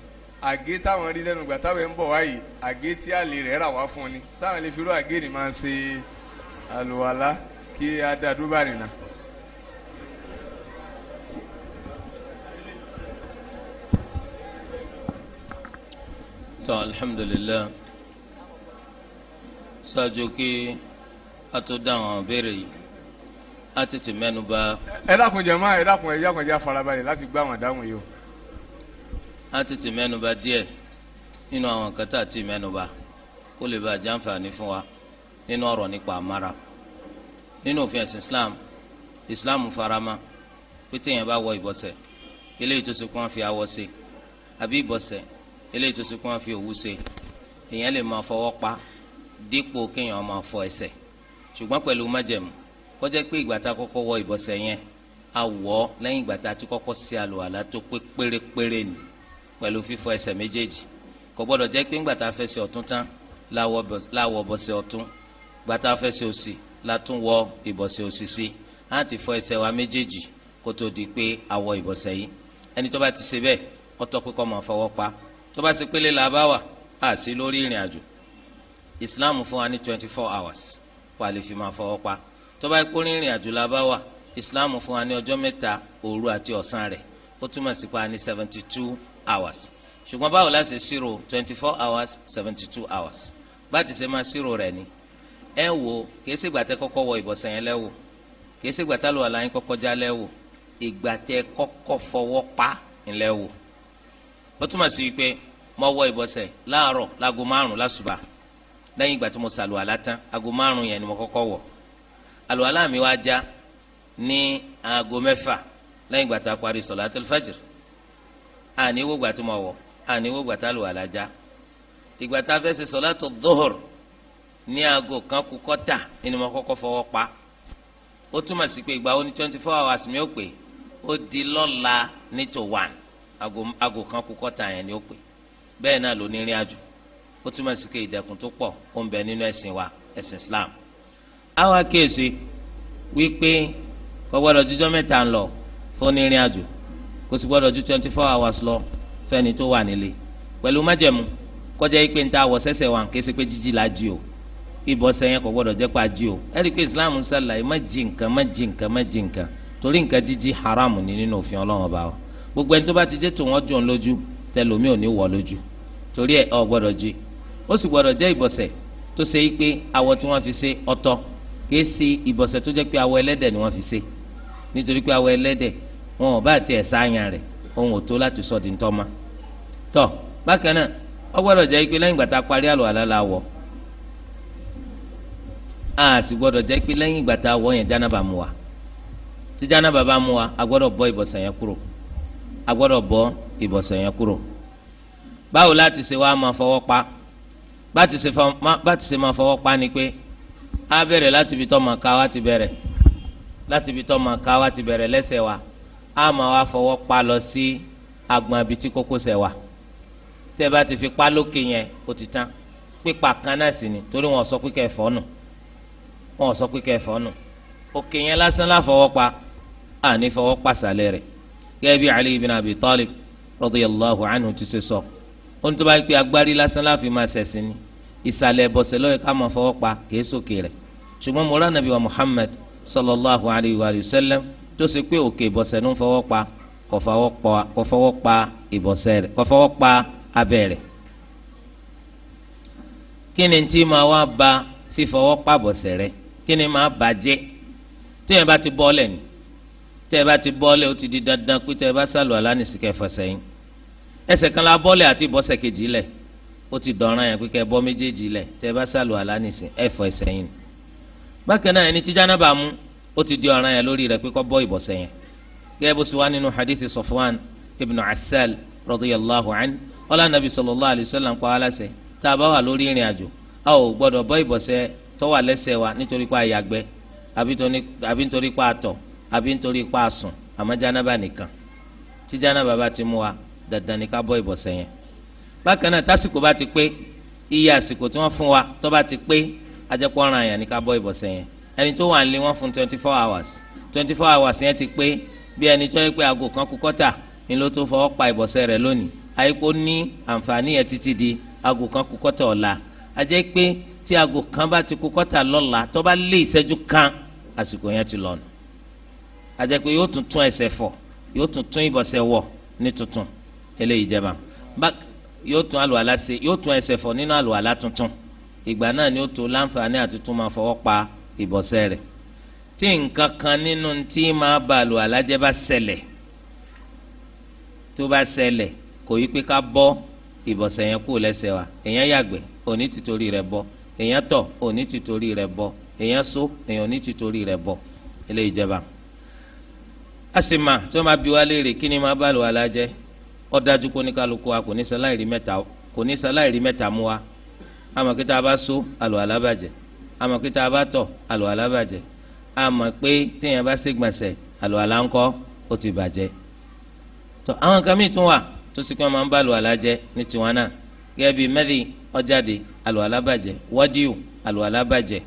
àgé táwọn rí lẹ́nu ìgbà táwọn ẹ̀ ń bọ̀ wáyìí àgé tí àlè rẹ̀ rà wá fún ni sáwọn lè fi rú àgé ni máa ṣe àlùwàlá kí á dá dúró bá tọ́ alhamdulilayi ṣáájú kí a tó dáhùn béèrè yìí a ti ti mẹ́nu bà. ẹ dákun jàmá ẹ dákun ẹ yákun já farabalẹ̀ láti gbọ́ àwọn àdáhùn yìí o. a ti ti mẹ́nu bà díẹ̀ nínú àwọn nǹkan tá a ti mẹ́nu bà kó lè bàa jàǹfààní fún wa nínú ọ̀rọ̀ nípa àmàrà nínú òfin ẹ̀sìn Islam Islam farama pé téèyàn bá wọ ìbọ̀sẹ̀ eléyìí tó ṣe fi awọ ṣe àbí ìbọ̀sẹ̀ eléyìí tó ṣe fi òwú ṣe èèyàn lè máa fọwọ́ pa dípò kéèyàn máa fọ ẹsẹ̀ ṣùgbọ́n pẹ̀lú májẹ̀mú kọjá pé ìgbà tá a kọ́kọ́ wọ ìbọ̀sẹ̀ yẹn a wọ̀ ọ́ lẹ́yìn ìgbà tá a ti tó pé pérépéré ni pẹ̀lú fífọ ẹsẹ̀ méjèèjì kò gbọ́dọ̀ jẹ́ pé ńgbà tá a fẹsẹ̀ ọ̀tún tán láwọ̀ bọ̀sẹ̀ ọ̀tún gbà tá òsì la tún wọ ìbọ̀sẹ̀ òsì sí a ti fọ ẹsẹ̀ wa méjèèjì kó tó di pé a wọ ìbọ̀sẹ̀ yìí ẹni tó bá ti ṣe bẹ́ẹ̀ ó tọ́ pé kó máa fọwọ́ pa tó bá ṣe pélé la wà á sí lórí ìrìn àjò Islam fún wa ní twenty four hours wà lè fi máa fọwọ́ pa tọ́ba ikú rìnrìn àjò la bá wà islam fún wa ní ọjọ́ mẹ́ta òru àti ọ̀sán rẹ̀ ó túmọ̀ sí pa ní seventy two hours ṣùgbọ́n báwo la ṣe ṣírò twenty four hours seventy two hours bá ti ṣe máa ṣírò rẹ̀ ni ẹ wo kìí ṣègbà tẹ kọ́kọ́ wọ ìbọ̀sẹ̀ yẹn lẹ́wọ̀ kìí ṣègbà tá lọ́wọ́ láyín kọ́kọ́ já lẹ́wọ̀ ìgbà kọ́kọ́ fọwọ́ pa ńlẹ́wọ̀ ó túmọ̀ sí pé mo wọ ìbọ̀sẹ̀ láàárọ̀ láago márùn-ún lásùbà lẹ́yìn ìgbà tí mo ṣàlùwàlá tán aago márùn-ún yẹn ni mo kọ́kọ́ wọ̀ àlùwàlá mi wá já ní aago mẹ́fà lẹ́yìn ìgbà tá a parí sọ̀látùl fajr àní wó gbà tí mo wọ̀ àní wó gbà tá àlùwàlá já ìgbà tá a fẹ́ ṣe ní aago kan kù kọ́tà ni mo kọ́kọ́ fọwọ́ pa ó túmọ̀ sí pé ìgbà ó ní twenty four hours mi ó pè ó di lọ́la ní to one aago aago kan kù kọ́tà yẹn ni ó pè bẹ́ẹ̀ náà ló ní rìn àjò ó túmọ̀ sí pé ìdẹ̀kùn tó pọ̀ ó ń bẹ nínú ẹ̀sìn wa ẹ̀sìn Islam. Awa kíyèsí wípé kò gbọ́dọ̀ jíjọ́ mẹ́ta ń lọ fún ìrìn àjò kò sì gbọ́dọ̀ ju twenty four hours lọ fẹ́ni tó wà nílé pẹ̀lú májẹ̀mú kó jẹ́ pé níta àwọ̀ sẹ́sẹ̀ wà kése pé jíjí la jí o ìbọ̀sẹ̀ yẹn kò gbọ́dọ̀ jẹ́ pa jí o ẹ rí i pé Islam ń sàlàyé má jí nǹkan má jí nǹkan má jí nǹkan torí nǹkan jíjí haram ni nínú òfin Ọlọ́run ọba wa gbogbo ẹni tó bá ti jẹ́ tó wọ́n jọ lójú tẹlomi ò ní wọ̀ lójú torí ẹ ò gbọ́dọ̀ jí ó sì gbọ́dọ̀ jẹ́ ìbọ̀sẹ̀ tó ṣe é pé àwọ̀ tí wọ́n fi ṣe ọ̀tọ̀ esi ṣe ìbọ̀sẹ̀ tó jẹ́ pé awọ ẹlẹ́dẹ̀ ni wọ́n fi ṣe nítorí pé awọ ẹlẹ́dẹ̀ wọn ò bá tiẹ̀ sáyàn rẹ̀ ohun ò tó láti sọ di ń tọ́ma tọ́ bákan náà ó gbọ́dọ̀ jẹ́ pé lẹ́yìn ìgbà tá a parí àlùwàlá la wọ̀ a sì gbọ́dọ̀ jẹ́ pé lẹ́yìn ìgbà tá a wọ̀ yẹn jánábà mú wa tí jánábà bá mú wa a gbọ́dọ̀ bọ́ ìbọ̀sẹ̀ yẹn kúrò a gbọ́dọ̀ bọ́ ìbọ̀sẹ̀ yẹn kúrò báwo láti ṣe wá máa fọwọ́ pa bá ti ṣe máa fọwọ́ pa ni pé á bẹ̀rẹ̀ láti ibi tó máa ká wá ti bẹ̀rẹ̀ láti ibi tó máa ká wá ti bẹ̀rẹ̀ lẹ́sẹ̀ wa á máa wá fọwọ́ pa lọ sí agbọ̀n ibi tí kókósẹ̀ wa tẹ́ bá ti fi pa lókè yẹn ó ti tán pípa kan náà ni torí wọn sọ pé fọ́ nù wọn sọ pé fọ́ nù òkè yẹn lásán láfọwọ́ pa àní fọwọ́ pa sàlẹ̀ rẹ̀ gẹ́gẹ́ bí Ali ibn Abi Talib radiyallahu anhu ti ṣe sọ ohun tó bá gbé agbárí lásán láfi máa ṣẹ̀sìn ni ìsàlẹ̀ ẹ̀bọ̀sẹ̀ lọ́yẹ̀ ká máa fọwọ́ pa kìí sókè rẹ̀ ṣùgbọ́n mo ránà bí wa Muhammad sallallahu alayhi wa sallam tó ṣe pé òkè ìbọ̀sẹ̀ ló ń fọwọ́ pa kò fọwọ́ pa ìbọ̀sẹ̀ rẹ̀ kò fọwọ́ pa abẹ́ rẹ̀ kí ni tí máa wá ba fífọwọ́ pa bọ̀sẹ̀ rẹ̀ kí ni máa bàjẹ́ tí ẹ bá ti bọ́ọ̀lẹ̀ ni tí ẹ bá ti bọ́ọ̀lẹ̀ ó ti di dandan pé tí ẹ bá sàlùwà lánìí sí ẹsẹ̀ kan la bọ́ọ̀lẹ̀ àti ìbọ̀sẹ̀ kejì lẹ̀ ó ti dọ̀ràn yẹn pípẹ́ bọ́ méjèèjì lẹ̀ tẹ́ bá sàlù alánìsín ẹ fọ ẹsẹ̀ yín bákan náà ẹni tí jánábà mú ó ti di ọ̀ràn yẹn lórí rẹ̀ pípẹ́ bọ́ ìbọ̀sẹ̀ yẹn gẹ́gẹ́ bó sì wá nínú hadithi Safwan ibn Asal radiyallahu an ọlá nàbì sallallahu alayhi wa sallam pa aláṣẹ tá a bá wà lórí ìrìn àjò a ò gbọ́dọ̀ bọ́ ìbọ̀sẹ̀ tó wà lẹ́sẹ̀ wa nítorí pa àyàgbẹ́ àbí nítorí pa àtọ̀ àbí nítorí pa àsùn àmọ́ jánábà nìkan tí jánábà bá ti mú wa dandan ni ká bọ́ ìbọ̀sẹ̀ yẹn bákan náà tásìkò bá ti pé iye àsìkò tí wọ́n fún wa tó bá ti pé ajẹ́pọ̀ àyàn ní ká bọ́ ìbọ̀sẹ̀ yẹn ẹni tó wà nílé wọ́n fún twenty four hours twenty four hours yẹn ti pé bí ẹni tó yẹ pé aago kan kú kọ́tà ni ló tó fọwọ́ pa ìbọ̀sẹ̀ rẹ̀ lónìí àyípo ní àǹfààní yẹn títí di aago kan kú kọ́tà ọ̀la ajẹ́ pé tí aago kan bá ti kú kọ́tà lọ́la tó bá lé ìṣẹ́jú kan àsìkò yẹn ti lọ́nu ajẹ́ pé yóò tún tún ẹsẹ̀ fọ̀ yóò tún ìbọ̀sẹ̀ wọ̀ ní tuntun eléyìí jẹba yóò tún àlùwàlá ṣe yóò tún ẹsẹ̀ fọ̀ nínú àlùwàlá tuntun ìgbà náà ni ó tó láǹfààní àtúntún máa fọwọ́ pa ìbọ̀sẹ̀ rẹ̀ tí nǹkan kan nínú tí máa ba àlùwàlá jẹ́ bá ṣẹlẹ̀ tó bá ṣẹlẹ̀ kò yí pé ká bọ́ ìbọ̀sẹ̀ yẹn kúrò lẹ́sẹ̀ wa èèyàn yàgbẹ́ òní tìtorí rẹ̀ bọ́ èèyàn tọ̀ òní tìtorí rẹ̀ bọ́ èèyàn só èèyàn òní tìtorí rẹ̀ bọ́ ilé ìjọba a sì mà tí wọ́n máa bi wá léèrè kí ni máa ba àlùwàlá jẹ́ ó dájú kó ní kálukú wa kò ní sáláìrí mẹ́ta kò ní sáláìrí mẹ́ta mú wa àmọ́ kí tá a bá so àlọ́ alábàjẹ́ àmọ́ kí tá a bá tọ̀ àlọ́ alábàjẹ́ àmọ́ pé téèyàn bá ṣègbọ̀nsẹ̀ àlọ́ aláńkọ́ ó ti bàjẹ́ tó àwọn kan mìíràn tún wà tó sì kí wọ́n máa ń bá àlọ́ alájẹ́ ní tiwọn náà gẹ́gẹ́ bíi mẹ́rin ọjáde àlọ́ alábàjẹ́ wádìí àlọ́ alábàjẹ́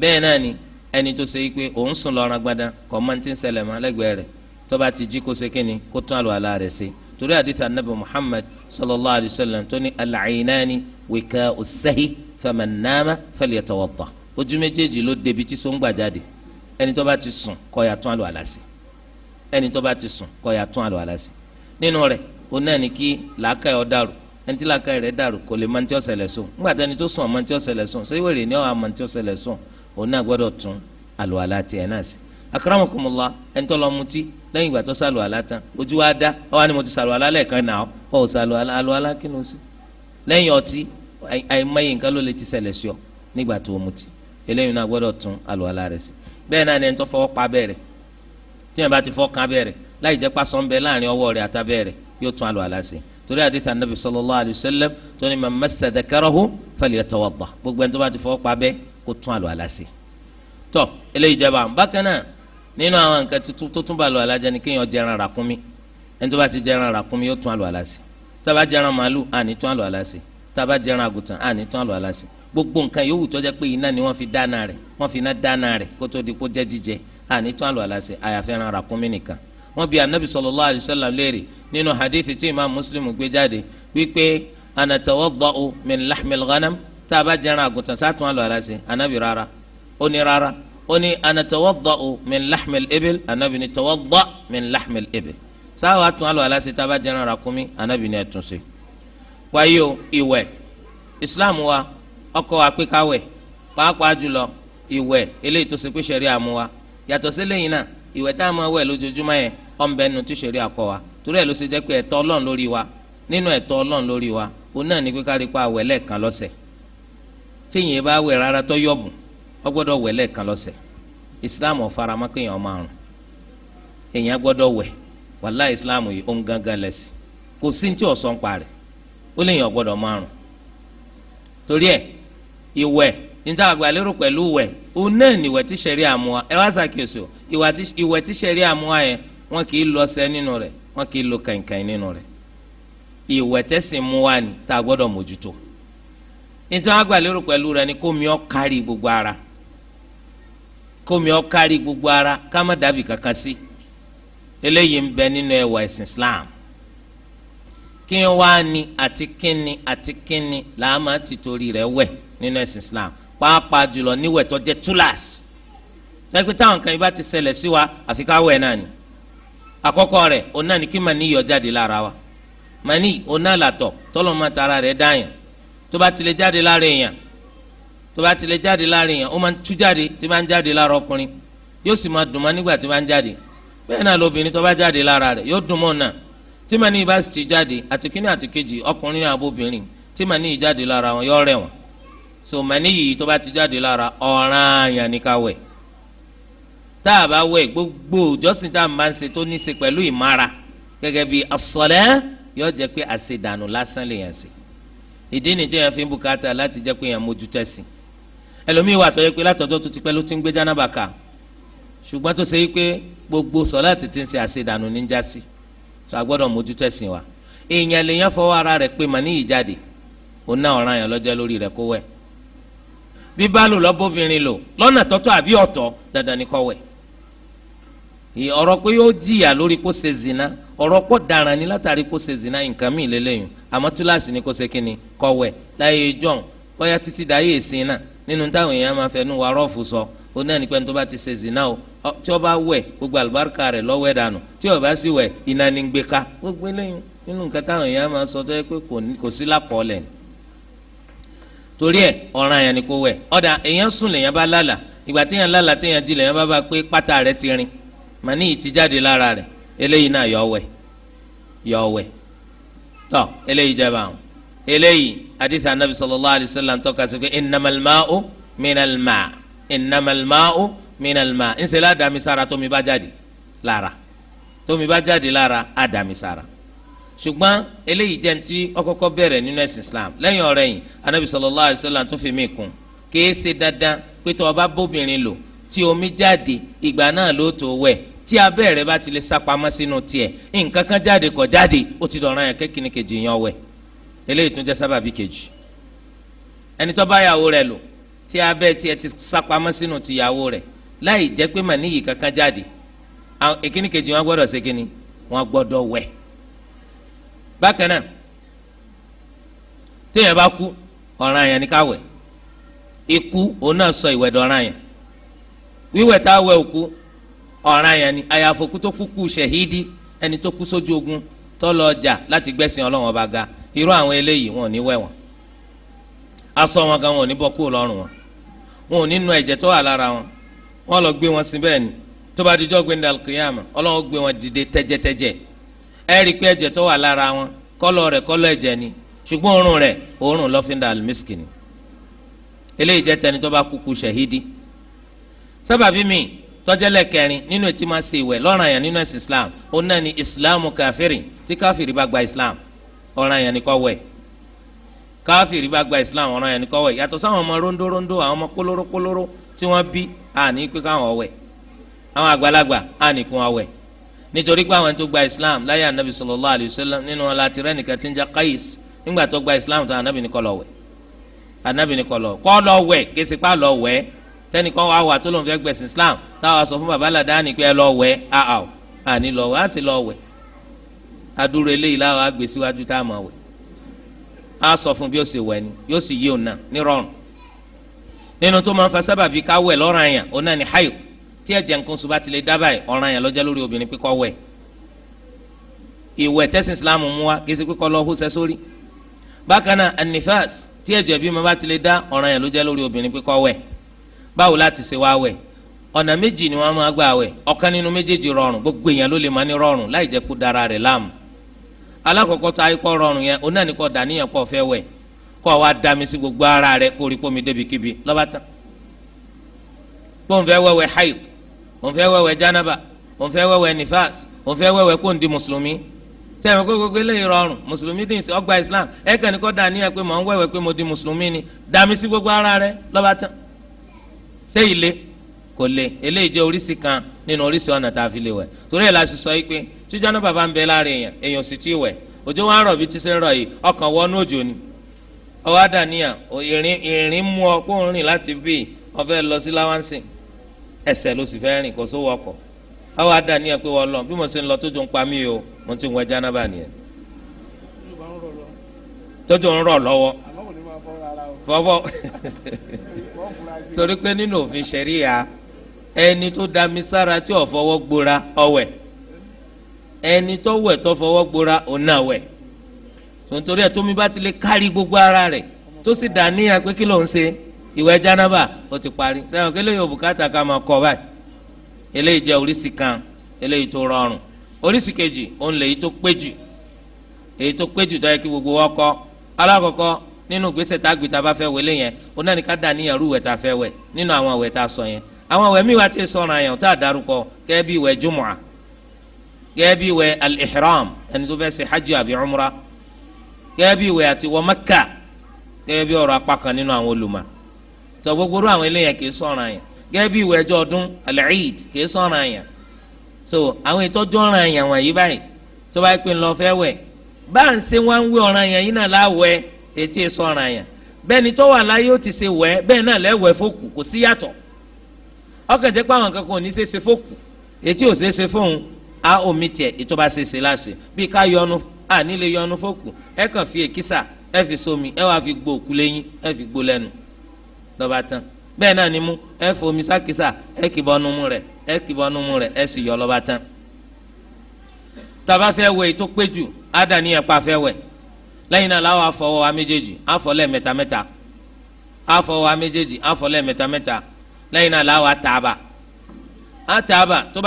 bẹ́ẹ̀ náà ni ẹni tó ṣe pé òun sùn lọ́ràn gbadan kọ́ lẹ́gbẹ̀ẹ́ rẹ̀ tó bá ti jí kó ṣe kíni kó tún àlọ́ alá rẹ̀ ṣe torí àdìtà anabi muhammad sallallahu alayhi wa sallam tó ní alacinani wika usahi famanama falyatawadda ojú méjèèjì ló débi tí so ń gbà jáde ẹni tó bá ti sùn kó ya tún àlùwàlá sí ẹni tó bá ti sùn kó ya tún àlùwàlá sí nínú rẹ̀ ó náà ní kí làákàyọ dàrú ẹni tí làákàyọ rẹ̀ dàrú kò lè mọ ní sùn ńgbà tẹni tó sùn ọmọ ní sùn ṣé wèrè ní ọmọ ní tí sùn òun náà gbọ́dọ̀ tún àlùwàlá tiẹ̀ náà sí. akramakumullah ẹni tó lọ mutí lẹ́yìn ìgbà tó sàlù àlá tán ojú wa dá ọ wá ní mo ti sàlù àlá lẹ́ẹ̀kan náà ọ ò sàlù àlá àlù àlá kí ló sí lẹ́yìn ọtí àìmọye nǹkan ló lè ti ṣẹlẹ̀ sí ọ nígbà tó o mutí eléyìí náà gbọ́dọ̀ tún àlù àlá rẹ̀ sí bẹ́ẹ̀ náà ni ẹni tó fọwọ́ pa abẹ́rẹ́ tí wọn bá ti fọwọ́ kan abẹ́rẹ́ láì jẹ́ pásán bẹ́ẹ̀ láàrin ọwọ́ rẹ̀ àtàbẹ́rẹ́ yóò tún àlù àlá sí torí àdìsá nàbì sallallahu alayhi wa sallam tó ní man massa dhakarahu falyatawadda gbogbo ẹni tó bá ti fọwọ́ pa abẹ́ kó tún àlù àlá sí. tọ́ eléyìí jẹba bákan náà nínú àwọn nǹkan tó tún bá lọ alájà ni kéèyàn jẹran ràkúnmí ẹni tó bá ti jẹran ràkúnmí yóò tún àlọ aláṣẹ tá a bá jẹran màálù àní tún àlọ aláṣẹ tá a bá jẹran àgùntàn àní tún àlọ aláṣẹ gbogbo nǹkan yòówù tó jẹ́ pé iná ni wọ́n fi dáná rẹ̀ wọ́n fi iná dáná rẹ̀ kó tó di kó jẹ́ jíjẹ àní tún àlọ aláṣẹ àyàfi ẹran ràkúnmí nìkan wọ́n bi anabi sallallahu alayhi wa sallam léèrè nínú hadith tí imam muslim gbé jáde wípé anatawadda'u min lahmil ghanam tá a bá jẹran àgùntàn sátún àlọ aláṣẹ anabi rárá ó ní anatawadọ min lahmil ebil anabi ni tawadọ min lahmil ebil sáwà tún alọ aláṣẹ tábà jẹrán rakumi anabi ni ẹtún sí. wáyé o ìwẹ̀ islam wa ọkọ wa pé káwẹ̀ pàápàá jùlọ ìwẹ̀ eléyìí tó ṣe pé sẹ̀rí àmú wa yàtọ̀ sí lẹ́yìn náà ìwẹ̀ tá a máa wẹ̀ lójoojúmọ́ yẹn ọ̀nbẹ nu tí sẹ̀rí àkọ wa torí ẹ̀ ló ṣe jẹ́ pé ẹ̀tọ́ ọlọ́run lórí wa nínú ẹ̀tọ́ ọlọ́run lórí wa òun ní pé pa àwẹ̀ lẹ́ẹ̀kan lọ́sẹ̀ tíyìn bá wẹ̀ rárá tó yọ̀bùn ọgbọdọ gbọ́dọ̀ wẹ̀ lẹ́ẹ̀kan islam ọfara ọ̀farama kéèyàn márùn èèyàn gbọdọ wẹ̀ wàlá islam yìí ó ń gángan lẹ́sìn kò sí ní tí ọ̀sán pa rẹ̀ ó ọgbọdọ gbọ́dọ̀ márùn torí níta lérò òun náà tí ẹ wá ṣàkíyèsí o wọn kì í lọ nínú wa ni tá a mójútó pẹ̀lú ni ọ́ gbogbo ara kómi ọ kárí gbogbo ara ká má dàbí kankan sí eléyìí ń bẹ nínú ẹwà ẹ̀sìn Islam kí n wá ní àti kínni àti kínni làá máa ti torí rẹ̀ wẹ̀ nínú ẹ̀sìn Islam pàápàá jùlọ níwẹ̀ tó tulas túláàsì lẹ́gbẹ́ táwọn kan yìí bá ti ṣẹlẹ̀ sí wa àfi ká wẹ̀ náà ni àkọ́kọ́ rẹ̀ òun náà ni kí màní yọ jáde lára wa màní òun náà làtọ̀ tọ́lọ́mọ tara rẹ̀ dáyàn tó bá tilẹ̀ jáde lára èèyàn tó bá tilẹ̀ jáde láàrin yẹn ó máa ń tú jáde tí máa ń jáde lára ọkùnrin yóò sì máa dùn mọ́ nígbà tí máa ń jáde bẹ́ẹ̀ náà lóbìnrin tó bá jáde lára rẹ̀ yóò dùn mọ́ náà tí màá ní ibà sì ti jáde àti kíní àti kejì ọkùnrin ní tí màá ní ìjáde lára wọn yọ rẹ̀ wọn so màá ní yìí tó bá ti jáde lára ọ̀ràn àyàn ní ká wẹ̀ tá a bá wẹ̀ gbogbo ìjọsìn tá a máa ń ṣe tó ní í ṣe pẹ̀lú ìmára gẹ́gẹ́ bí asọ̀lẹ́ yóò ìdí nìjẹ́ yẹn fi ń bùkátà láti jẹ́ pé yẹn mójútó ẹlòmíì wà tó yẹ pé látọjọ́ tó ti pẹ́ ló ti ń gbé jánábà ká ṣùgbọ́n tó ṣe pé gbogbo sọláàtì ti ń ṣe àṣedànù ní jásí tó a gbọ́dọ̀ mójútó ẹ̀sìn wa èèyàn lèèyàn fọwọ́ ara rẹ̀ pé màní yìí jáde òun náà ọ̀ràn yẹn lọ́jọ́ lórí rẹ̀ kó wẹ̀ bí bá lò lọ́bọ̀bìnrin lò lọ́nà tọ́tọ́ àbí ọ̀tọ̀ dandan ni kó wẹ̀ ọ̀rọ̀ pé yóò jìyà lórí kó ṣe zina ọ̀rọ̀ pọ̀ daran ni látàrí kó ṣe zina nǹkan mìíràn lélẹ́yìn àmọ́ túláàsì ni kó ṣe kínni kó wẹ̀ láyé john bóyá títí dáyé ìsìn náà nínú táwọn èèyàn máa fẹnu wa rọ́ọ̀fù sọ ó náà ní pé tó bá ti ṣe zina o tí ó bá wẹ̀ gbogbo àlùbáríkà rẹ̀ lọ́wọ́ ẹ̀ dànù tí ó bá sì wẹ̀ iná ní gbé ká gbogbo eléyìí nínú nǹkan táwọn èèyàn máa sọ tó yẹ pé kò sí lápọ̀ọ́lẹ̀ torí ẹ̀ ọ̀ràn àyàn ni kò wẹ̀ ọ̀dà èèyàn sùn lèèyàn bá lálà ìgbà téèyàn lálà téèyàn jí lèèyàn bá bá pé pátá rẹ̀ ti rin màní yìí ti jáde lára rẹ̀ eléyìí náà yọ wẹ̀ tọ́ eléyìí jẹ́ báwọn eléyìí hadith anabi sallallahu alayhi wa sallam tọ́ka sí pé innamal ma'u minal ma' innamal ma'u minal ma' ńṣe la dàmí sára tómi bá jáde lára tómi bá jáde lára á dàmí sára ṣùgbọ́n eléyìí jẹ́ ti ọkọ́kọ́ bẹ̀rẹ̀ nínú ẹ̀sìn islam lẹ́yìn ọ̀rẹ́ yìí anabi sallallahu alayhi wa sallam tó fi mí kún kìí ṣe dandan pé tó o bá bóbìnrin lò tí omi jáde ìgbà náà ló tó wẹ̀ tí abẹ́rẹ́ bá ti sápamọ́ sínú tiẹ̀ nǹkan jáde kọ̀ jáde ó ti dọ̀ràn yẹn kékinikeji yan wẹ̀ eléyìí tún jẹ́ sábàbí kejì ẹni tó bá yàwó rẹ̀ lò tí abẹ́ tiẹ̀ ti sápamọ́ sínú ti yàwó rẹ̀ láì jẹ́ pé màníyì kankan jáde àwọn èkíní kejì wọn gbọ́dọ̀ ṣe kíni wọn gbọ́dọ̀ wẹ̀ bákan náà téèyàn bá kú ọ̀ràn yẹn ni ká wẹ̀ ikú òun náà sọ ìwẹ̀ dọ̀ràn yẹn wíwẹ̀ tá a wẹ̀ òkú ọ̀ràn yẹn ni àyàfòkú tó kú kú ṣẹ̀hídì ẹni tó kú sójú ogun tó lọ láti gbẹ̀sìn Ọlọ́run ọba ga irú àwọn eléyìí wọn ò ní wọn gan wọn ní bọ́ kúrò lọ́rùn wọn wọn ò ní nu ẹ̀jẹ̀ tó wọn wọn lọ gbé wọn sí bẹ́ẹ̀ ni tó bá dijọ́ gbé ní alukiyama ọlọ́wọ́ gbé wọn dìde tẹ́jẹ́tẹ́jẹ́ ẹ rí i pé ẹ̀jẹ̀ tó wà lára wọn kọ́lọ̀ rẹ̀ kọ́lọ̀ ẹ̀jẹ̀ ni ṣùgbọ́n òórùn rẹ̀ òórùn lọ́fíńdà ni eléyìí jẹ́ tẹni tó bá kúkú sábàbí mi tọ́jẹ́lẹ̀ kẹrin nínú ètí máa ṣe ìwẹ̀ nínú ẹ̀sìn islam ó náà ní islam káfírin tí ọ̀ràn yẹn ni kó wẹ̀ káfíìrì bá gba islam ọ̀ràn yẹn ni kó wẹ̀ yàtọ̀ sáwọn ọmọ rondórondó àwọn ọmọ kólóró kólóró tí wọ́n bí àní pé káwọn wẹ̀ àwọn àgbàlagbà àní kún wọn nítorí pé àwọn tó gba islam láyé anabi sallallahu alayhi wa sallam nínú wọn láti rẹ́ nìkan tí ń jẹ́ Qais nígbà tó gba islam tó anabi ni kó lọ wẹ̀ anabi ní kó lọ kó lọ wẹ̀ késìpá lọ wẹ̀ tẹnikọ́ wa wà tó lóun fẹ́ gbẹ̀sìn islam táwa sọ fún babaládàá ni pé ẹ lọ wẹ̀ àà àní lọ wẹ̀ á sì lọ wẹ̀ adúró eléyìí láwọn àgbè síwájú tá a máa wẹ̀ á sọ fún bí ó ṣe wẹ̀ ni yóò sì yí òun náà nírọ̀rùn nínú tó máa ń fa sábàbí ká wẹ̀ lọ́ràn yẹn òun náà ni hayo, tí ẹ̀jẹ̀ nǹkan oṣù bá ti lè dábàá yìí ọ̀ràn yẹn lọ́jọ́ lórí obìnrin pé kó wẹ̀ ìwẹ̀ tẹ́sí islam mú wa kí ẹ ṣe pé sórí anifas tí ẹ̀jẹ̀ bí mo bá ti lè dá ọ̀ràn yẹn lọ́jọ́ lórí obìnrin pé kó wẹ̀ báwo láti ṣe ọ̀nà méjì ni wọ́n máa gbà wẹ̀ ọ̀kan nínú méjèèjì rọrùn gbogbo èèyàn ló lè máa ní rọrùn láì jẹ́ kó dára rẹ̀ láàmú alákọ̀ọ́kọ́ ta ikọ́ rọrùn yẹn oná ní kọ́ dàníyàn kọ́ fẹ́ wẹ̀ kọ́ wa dami sí gbogbo ara rẹ kó rí pómi débi kíbi lọ́ba tán kóun fẹ́ wẹ̀wẹ̀ haid òun fẹ́ wẹ̀wẹ̀ janaba òun fẹ́ wẹ̀wẹ̀ nifas òun fẹ́ wẹ̀wẹ̀ kóun di mùsùlùmí sẹ́yìn kó gbogbo eléyìí rọrùn mùsùlùmí dín sí ọgbà islam ẹ kàn ní kọ́ dàníyàn pé mò ń wẹ̀wẹ̀ pé mo di mùsùlùmí ni dami sí gbogbo ara rẹ lọ́ba tán sẹ́yìn lé kò lé eléyìí jẹ́ oríṣi kan nínú oríṣi ọ̀nà tá a fi lè wẹ̀ torí ẹ̀ la ṣe sọ yìí pé tí jánábà bá ń bẹ lára èèyàn èèyàn sì ti wẹ̀ òjò wa ń rọ̀ bí ti ṣe ń rọ̀ yìí ọkàn wọnú òjò ni ọwọ́ àdàníyàn ìrìn ìrìn mú ọ kó ń rìn láti bí ọfẹ́ lọ sí láwánsìn ẹsẹ̀ ló sì fẹ́ rìn kó sówó ọkọ̀ ọwọ́ àdàníyàn pé wọ́n lọ bí mo ṣe ń lọ tójú ń pa mí o mo ti wẹ̀ jánábà nìyẹn tójú ń rọ̀ lọ́wọ́ fọwọ́ torí pé nínú òfin ṣẹ̀ríya ẹni tó dá mi sára tí ò ẹni tó wẹ̀ tó fọwọ́ gbora òun náà wẹ̀ tontori ẹ̀ tómi bá ti lè kárí gbogbo ara rẹ̀ tó sì dà níyà pé kí ló ń ṣe ìwẹ̀ jánábà ó ti parí sẹ́wọ̀n kí eléyìí òbúkátà ká máa kọ́ báyìí eléyìí jẹ́ oríṣi kan eléyìí tó rọrùn oríṣi kejì òun lèyí tó pé jù èyí tó pé jù tó yẹ kí gbogbo wa kọ́ alákọ̀ọ́kọ́ nínú gbèsè tá a gbé tá bá fẹ́ wẹlé yẹn ó náà ní ká dà níyà rú ìwẹ̀ fẹ́ wẹ̀ nínú àwọn ìwẹ̀ sọ yẹn àwọn ìwẹ̀ míì wá ti sọ̀ràn yẹn ó tá a kẹ́ bí ìwẹ̀ jùmọ̀à gẹ́bí wẹ̀ al-ihram ẹni tó fẹ́ ṣe hajj àbí umra gẹ́bí wẹ̀ àti wọ mẹ́kà gẹ́bí ọ̀rọ̀ apá kan nínú àwọn olùmọ̀ tó gbogbo rú àwọn eléyàn kì sọ̀ràn yẹn gẹ́bí wẹ̀ ẹjọ́ ọdún al-eid kì sọ̀ràn yẹn so àwọn ìtọ́jú ọ̀ràn yẹn wọ̀nyí báyìí tó bá pè ń lọ fẹ́ wẹ̀ bá ń ṣe wá ń wé ọ̀ràn yẹn yìí náà láwẹ̀ etí ẹ̀ sọ̀ràn yẹn bẹ́ẹ̀ ni tó wà láyé ó ti ṣe wẹ̀ bẹ́ẹ̀ náà lẹ́wẹ̀ fókù kò sí yàtọ̀ ọkàn jẹ́ pé àwọn kankan ò ní ṣe ṣe fókù etí ò ṣe ṣe fóun a omi tiɛ ìtọ́ba ṣèṣe láṣẹ bí ká yọnu a nílé yọnu fókù ẹ kàn fi èkísà ẹ fi somi ẹ wàá fi gbó òkú lẹ́yìn ẹ fi gbó lẹ́nu lọ́ba tán bẹ́ẹ̀ náà ni mú ẹ fomi sákìsà ẹ kì bọ́nu mú rẹ̀ ẹ kì bọ́nu mú rẹ̀ ẹ sì yọ lọ́ba tán tàbá fẹ́ wẹ̀ tó pé jù wa méjèèjì ataaba tó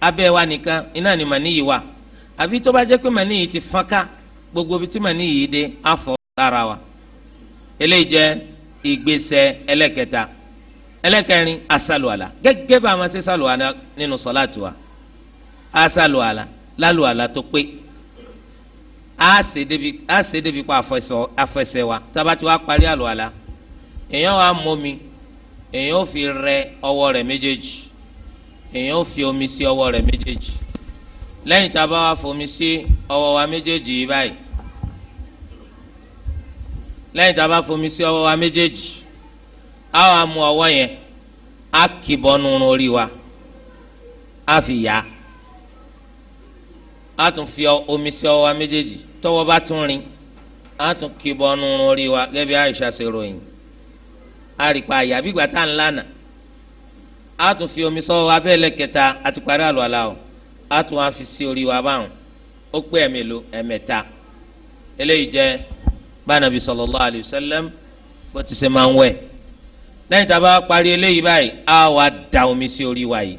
abẹ́ wa nìkan iná ni màní yìí wà àbí tó bá jẹ́ pé màní yìí ti fọ́n ká gbogbo ibi tí màní yìí dé á fọ́ lára wa eléyìí jẹ́ ìgbésẹ̀ ẹlẹ́kẹta ẹlẹ́kẹrin asaluala gẹ́gẹ́ bá a máa ṣe saluala nínú sọ́láàtì wa asaluala lálùala tó pé a ṣe débi pa àfẹsẹ̀ wa tabati wa parí àlùala èèyàn wa mọ́ mi èèyàn ò fi rẹ ọwọ́ rẹ̀ méjèèjì èèyàn ò fi omi sí ọwọ́ rẹ̀ méjèèjì lẹ́yìn tá a bá wá fomi sí ọwọ́ wa méjèèjì yìí báyìí lẹ́yìn tá a bá fomi sí ọwọ́ wa méjèèjì a wá mú ọwọ́ yẹn a kì bọ́nu orí wa a fi yá a tún fi omi sí ọwọ́ wa méjèèjì tọwọ́ bá tún rin a tún kì bọ́nu orí wa gẹ́gẹ́ bí Aisha ṣe ròyìn a rí pa àyà bí gbàtà ńlá náà. a tún fi omi sọ abẹ́lẹ̀ kẹta àti parí àlùwàlà o a tún a fi wa báwọn ó pé ẹ̀mẹ̀lò ẹ̀mẹ̀ta eléyìí jẹ́ bánabi sallallahu alayhi wa sallam bó ti ṣe máa ń wẹ̀ lẹ́yìn tá a bá parí eléyìí báyìí a wá da omi sí orí wa yìí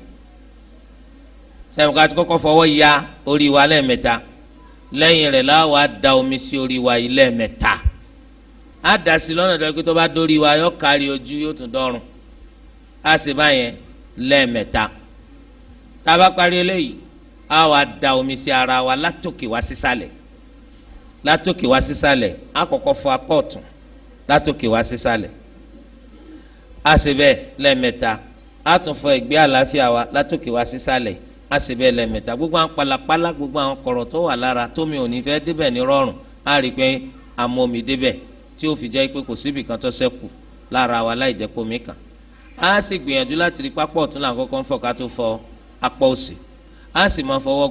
sẹ́yìn ká ti kọ́kọ́ ya orí wa lẹ́ẹ̀mẹta lẹ́yìn rẹ̀ láwa da omi sí orí wa yìí lẹ́ẹ̀mẹta a dà sí lọ́nà tó yẹ kó wa yọ kárí ojú yóò tún dọ́rùn a sì báyẹn lẹ́ẹ̀mẹ́ta tá a bá parí eléyìí a wá da omi sí ara wa látòkè wá sísàlẹ̀ látòkè wá sísàlẹ̀ a kọ́kọ́ fọ apá ọ̀tún látòkè wá sísàlẹ̀ a sì bẹ́ẹ̀ lẹ́ẹ̀mẹ́ta a tún fọ ẹ̀gbẹ́ àlàáfíà wa látòkè wá sísàlẹ̀ a sì bẹ́ẹ̀ lẹ́ẹ̀mẹ́ta gbogbo àwọn palapala gbogbo àwọn kọ̀rọ̀ tó wà lára tómi ò ní fẹ́ débẹ̀ ní rọrùn a rí i pé amómi débẹ̀ tí ó fi jẹ́ pé kò síbì kan tó ṣẹ́kù lára wa láì jẹ́ kómi kàn á sì gbìyànjú láti rí pápá ọ̀tún là ń kọ́kọ́ ń fọ̀ ká tó fọ apá òsì á sì máa fọwọ́